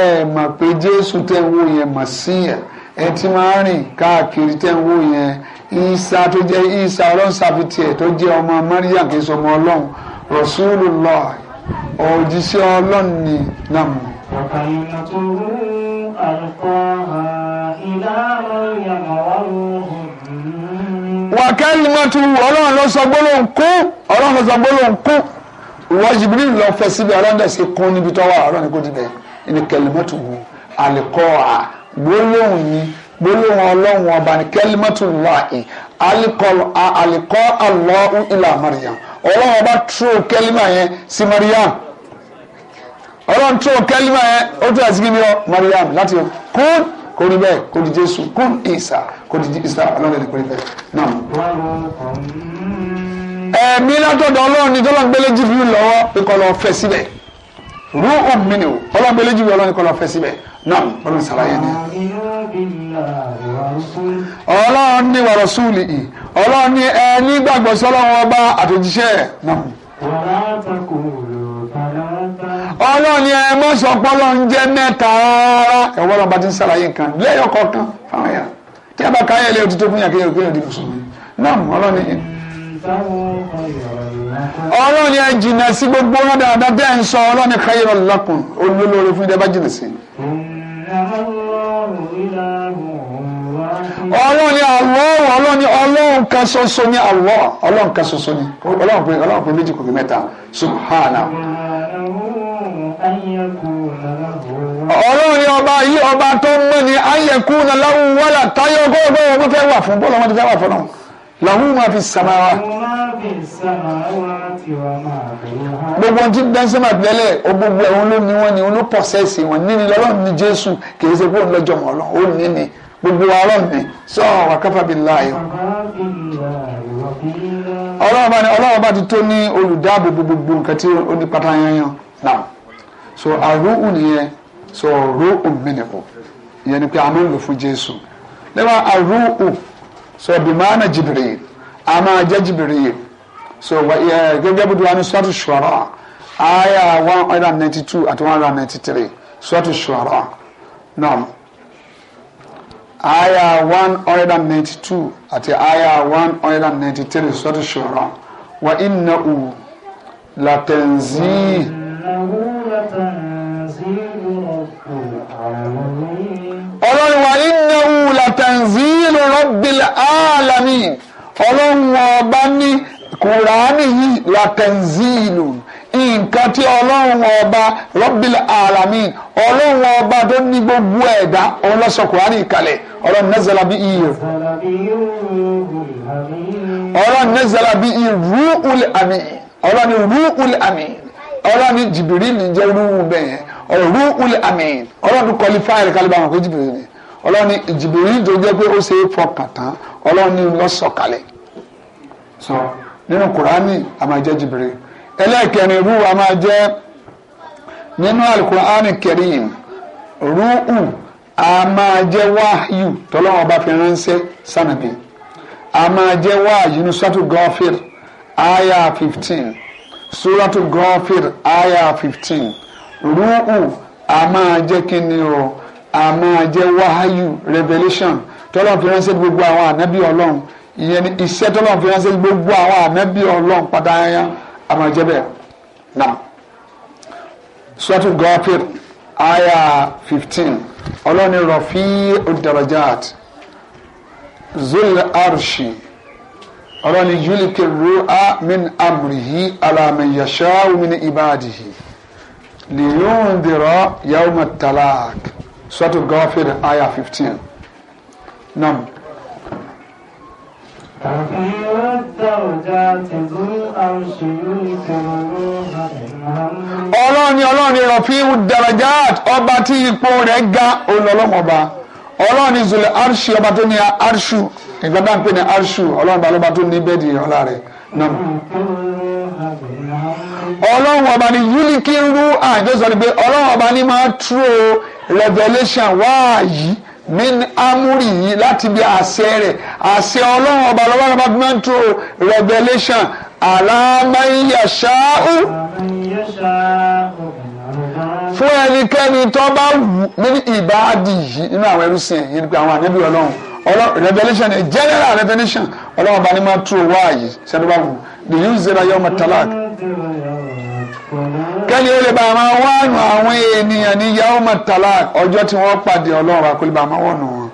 Speaker 2: ẹ mọ̀ pé Jésù tẹ́ ń wò yẹn Màsíyà ẹ ti máa rìn káàkiri tẹ́ ń wò yẹn Ìsá tó jẹ́ Ìsá Ọlọ́run ṣàfihàn tó jẹ́ ọmọ Mariam kì í sọmọ Ọlọ́run Rasulullah òjíṣẹ́ Ọlọ́run ni وكلمته
Speaker 1: ألقاها إلى مريم وروح
Speaker 2: wàkẹ́lìmọ́tò ọlọ́run ló sọ gbólóhùn kún ọlọ́run ló sọ gbólóhùn kún wọ́n jìbìrì lọ fẹ́ síbi aládàsí kún níbi tó wà ọlọ́run kò dìbẹ̀ ẹni kẹ́lìmọ́tò wù ni gbólóhùn ọlọ́run ọba ni kẹ́lìmọ́tò wà ẹ̀ àlìkọ́ àlọ́ Maryam ọlọ́run ọba tró kẹ́lìmọ́ yẹn sí Maryam ọlọ́run tó kẹ́límà ẹ ó tún àti kíni ọ mariam láti kún kò rí bẹ́ẹ̀ kò di jésù kún ìsà kò di ìsà ọlọ́run ẹni kò rí bẹ́ẹ̀ náà. ẹ̀mí látọ̀dọ̀ ọlọ́run ni tọ́lá ń gbélé jìbìrì lọ́wọ́ ikọ̀ lọ fẹ́ síbẹ̀ rú omi ni o ọlọ́run gbélé jìbìrì ọlọ́run ikọ̀ lọ fẹ́ síbẹ̀ náà ọlọ́run sàlàyé ni. ọlọ́run ní wàrọ̀ súùlì yìí ọlọ́run ní ẹ nígbàgbọ́sọ́ ọlọ́run ọba àtòjíṣẹ́ náà. wàrà àtàkùn ọlọ́ni ẹ mọ́ sọ pé ọlọ́run jẹ́ mẹ́ta rárá ẹ̀wọ́n lọ́ba ti ń ṣàlàyé nǹkan lẹ́yọ̀ kọ̀ọ̀kan fáwọn yà tí a bá ka ayẹyẹ lẹ́yìn tuntun fún yà kéèyàn kéèyàn di mùsùlùmí náà ọlọ́ni. ọlọ́ni ẹ jìnnà sí gbogbo wọn dáadáa bẹ́ẹ̀ ń sọ ọlọ́ni khayran lakum olólórí fún ìdẹ́bà jìnnà sí.
Speaker 1: ọlọ́ni àlọ́ ọlọ́ni
Speaker 2: ọlọ́run kan ṣoṣo ni àlọ́ ọlọ́run kan ṣoṣo ni ọlọ́run pé méjì kò kí mẹ́ta subhana
Speaker 1: ọlọ́run ni ọba yìí ọba
Speaker 2: tó ń mú ni ayẹ̀kú na láwùú wọ́lá táyọ̀ gbọ́dọ̀ wọ́n fẹ́ wà fún bọ́ọ̀lù wọn ti fẹ́ wà fún náà làwọn máa fi sàmà wa. gbogbo ohun tí ń dán sẹ́mà tẹ́lẹ̀ o gbogbo ẹ̀hún ló ní wọn ni wọn ló pọ̀sẹ̀sì wọn níní lọ́lọ́run ní jésù kì í ṣe pé òun lọ́jọ́ mọ́ ọlọ́run ó níní gbogbo ọlọ́run ni sọ́ọ̀ wà káfà bí láàyò.
Speaker 1: ọlọ́run bá ní ọlọ́run
Speaker 2: bá ti tó ní olùdáàbòbò gbogbo nǹkan tí ó ní pátá yanyan náà so àrùn nìyẹn so rúùn mìnìkù ìyẹn ni pé a máa ń lò fún jésù lẹ́wọ̀n àrùn so bìmánà jìbìrì a máa jẹ́ jìbìrì so gẹ́gẹ́ do wọn ní sọ́ọ̀tù ṣùwárà aya one hundred and ninety two àti one hundred and ninety three sọ́ọ̀tù ṣùwárà náà aya one hundred and ninety two àti aya one hundred and ninety three sọ́ọ̀tù ṣùwárà wa inna u latenzi. Mm
Speaker 1: -hmm ọlọ́run
Speaker 2: wa innahu latanzilu rabbil alamin ọlọ́run ọba ní kùránì yìí latanzilu nǹkan tí ọlọ́run ọba rabbil alamin ọlọ́run ọba tó ní gbogbo ẹ̀dá ọlọ́sọ kùránì kalẹ̀ ọlọ́run nazala bí iye ọlọ́run nazala bí iye rúùl àmì ọlọ́run rúùl àmì. ọlọ́run ní jẹ́ bẹ́ẹ̀ ọ̀rọ̀ kálíbà wọn jìbìrì ni ọlọ́ni jìbìrì tó jẹ́ pé ó ṣe é fọkàn tán ọlọ́run lọ sọ̀kalẹ̀ sọ nínú kùránì a máa jẹ́ jìbìrì ẹlẹ́ẹ̀kẹrin a máa jẹ́ nínú kẹrin a máa jẹ́ wáyù bá fi ránṣẹ́ sànàbí a máa jẹ́ wáyù ní suratu gọfìr aya fifteen Ruhu a máa jẹ́ kí o a máa jẹ́ wáháyù revelation tọ́lọ́n fi ránṣẹ́ gbogbo àwọn ànábì ọlọ́run ìyẹn ni iṣẹ́ tọ́lọ́n fi ránṣẹ́ gbogbo àwọn ànábì ọlọ́run padà yẹn a máa jẹ́ bẹ́ẹ̀ náà suratu gọfìr aya fifteen ọlọ́ni rọ̀fí ọ̀dàrọ̀jáàt zul arshi ọlọ́ni yúlìkì rúà min amrihi alamiyasa min ibadihi liyundira yawma talaq sọ́tù gọ́fìrì àyà fifteen nam.
Speaker 1: تغيير الدرجات ذو الأرش يلك الروح من أمره
Speaker 2: ọlọ́ni ọlọ́ni rọ̀fíù dàrájà ọba tí ipò rẹ̀ ga olólùmọ̀ba ọlọ́run ní zulẹ̀ arṣu ọba tó ní arṣu nǹkan bá ń pè ní arṣu ọlọ́run bá lọ́ba tó ní bẹ́ẹ̀dì ọlá rẹ̀ náà. ọlọ́run ọba ní yúlíkírú àjọsọ pé ọlọ́run ọba ní máa tró revelation wáàyí min amúrì yìí láti bí àṣẹ rẹ̀ àṣẹ ọlọ́run ọba lọ́wọ́ ọba tó máa tró revelation alámáyàṣáú.
Speaker 1: alámáyàṣáú
Speaker 2: fún ẹnikẹ́ni tó bá wù nínú ìbáàdì yìí nínú àwọn ẹrú sìn yìí nípa àwọn ànábì ọlọ́run ọlọ́ revolution ni general revolution ọlọ́run bá ní máa tú owó ààyè sẹ́ni bá wù the new zero yọ ọmọ talak kẹ́ni ó lè bá máa wánu àwọn ènìyàn ní yọ ọmọ talak ọjọ́ tí wọ́n pàdé ọlọ́run àkọlé bá máa wọ̀nù wọn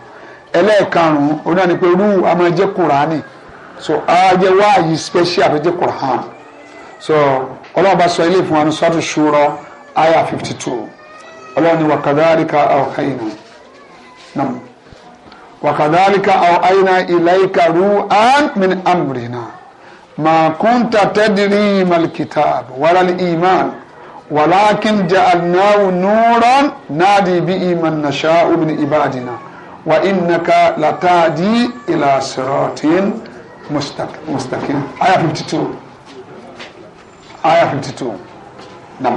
Speaker 2: ẹlẹ́ẹ̀karùn-ún oní àná pé rú amájẹ́ kùránì so ààyè wáàyè special àbẹ́jẹ́ kùránì so ọlọ́run bá sọ ilé ìfowópamọ́ sọ́tún ṣúrọ́ aya fifty two ọlọ́ni wàkàdáríkà àwọ̀káyìnà nam wàkàdáríkà àwọ̀káyìnà ìlàíkà rú àmìn amrina màkúntà tẹ́dìrí malkitab wàlálì iman wàlákin ja'alnahu nuran náàdì bí iman nàṣà omin ibadina wa innaka latadi ila siratin mustaqim aya 52 two aya fifty nam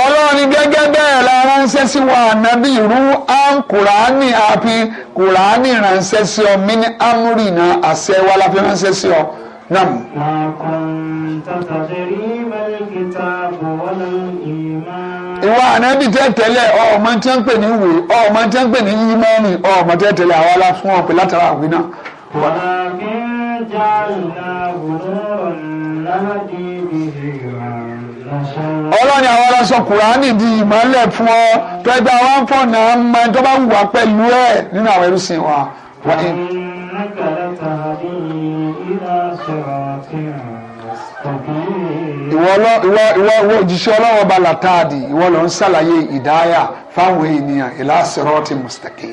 Speaker 2: ọlọ́run gẹ́gẹ́ bẹ́ẹ̀ la ránṣẹ́ sí wa ànábì rú án kùránì àfi kùránì ránṣẹ́ sí ọ mí ní amúrì náà àṣẹ wa la fi ránṣẹ́ sí ọ náà. ìwà ànábì tẹ́tẹ́lẹ̀ ọmọ tí wọ́n ń pè ní ìwé ọmọ tí wọ́n ń pè ní yímọ́ọ̀nì ọmọ tẹ́tẹ́lẹ̀ àwa la fún ọ pé látara àwìn náà.
Speaker 1: wàá kí n ọlọ́ni
Speaker 2: àwọn ọlọ́sọ kùránì di ìmọ́lẹ̀ fún ọ tẹ́gbẹ́ àwọn afọ́nà máa ń tọ́ba wùwà pẹ̀lú ẹ̀ nínú àwọn wa. ìwọ ìwọ òjíṣẹ́ ọlọ́wọ́ bá ìwọ ló ń ṣàlàyé ìdáyà fáwọn ènìyàn pé kí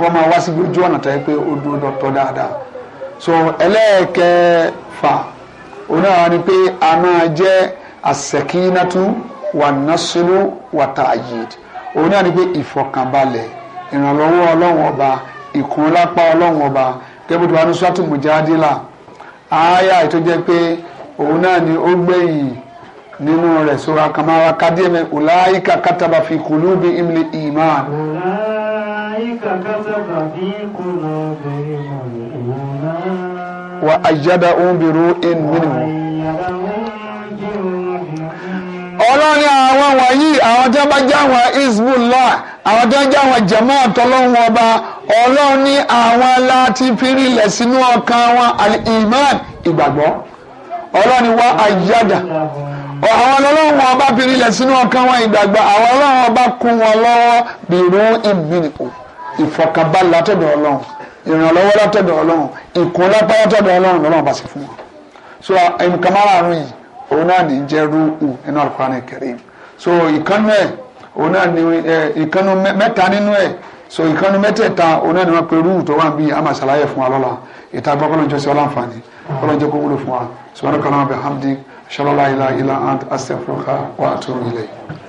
Speaker 2: wọ́n máa wá ojú ọ̀nà tó yẹ so ẹlẹ́ẹ̀kẹfà òun náà ni pé a máa jẹ́ àṣẹkínátú wà násùlù wà tààyèd òun náà ni pé ìfọ̀kànbalẹ̀ ìrànlọ́wọ́ ọlọ́run ọba ìkúnlápá ọlọ́run ọba gẹ́gẹ́ bí tí wàá ní sọ́tù mùjáàdìlà àáyá ètò jẹ́ pé òun náà ni ó gbẹ̀yìn nínú rẹ̀ sọ́ra kàmáwa kádìẹ́mẹ̀ ọ̀làyíkà kátàbà fi kùlù bí imli iman.
Speaker 1: ọ̀làyíkà kátàbà fi kùlù bí.
Speaker 2: وأيدهم بروح منه ọlọ́ni àwọn wọ̀nyí àwọn tí wọ́n bá jẹ́ àwọn isbullah àwọn tí wọ́n jẹ́ àwọn jẹ̀mọ́ ọ̀tọ́lọ́hún ọba ọlọ́ni àwọn láti sínú ọkàn wọn al-iman ìgbàgbọ́ ọlọ́ni wa àyíyáda àwọn ọlọ́run ọba fìrìlẹ̀ sínú ọkàn wọn ìgbàgbọ́ àwọn wọn lọ́wọ́ bìrún ìmìnìkù ìrànlọ́wọ́ látọ̀dọ̀ ọlọ́run ìkún lápá látọ̀dọ̀ ọlọ́run lọ́lọ́run bá ṣe fún wọn. so nǹkan márààrún yìí òun náà ní jẹ́ rúù nínú Al-Qur'an Al-Karim so ìkànnú ẹ̀ òun náà ní ìkànnú mẹ́ta nínú ẹ̀ so ìkànnú mẹ́tẹ̀ẹ̀ta òun náà ní wọ́n pe rúù tó wà ń bí àmà ṣàlàyé fún wa lọ́la ìta gbọ́ kọ́lọ́ jọ́sí ọláǹfààní kọ́lọ́ jẹ́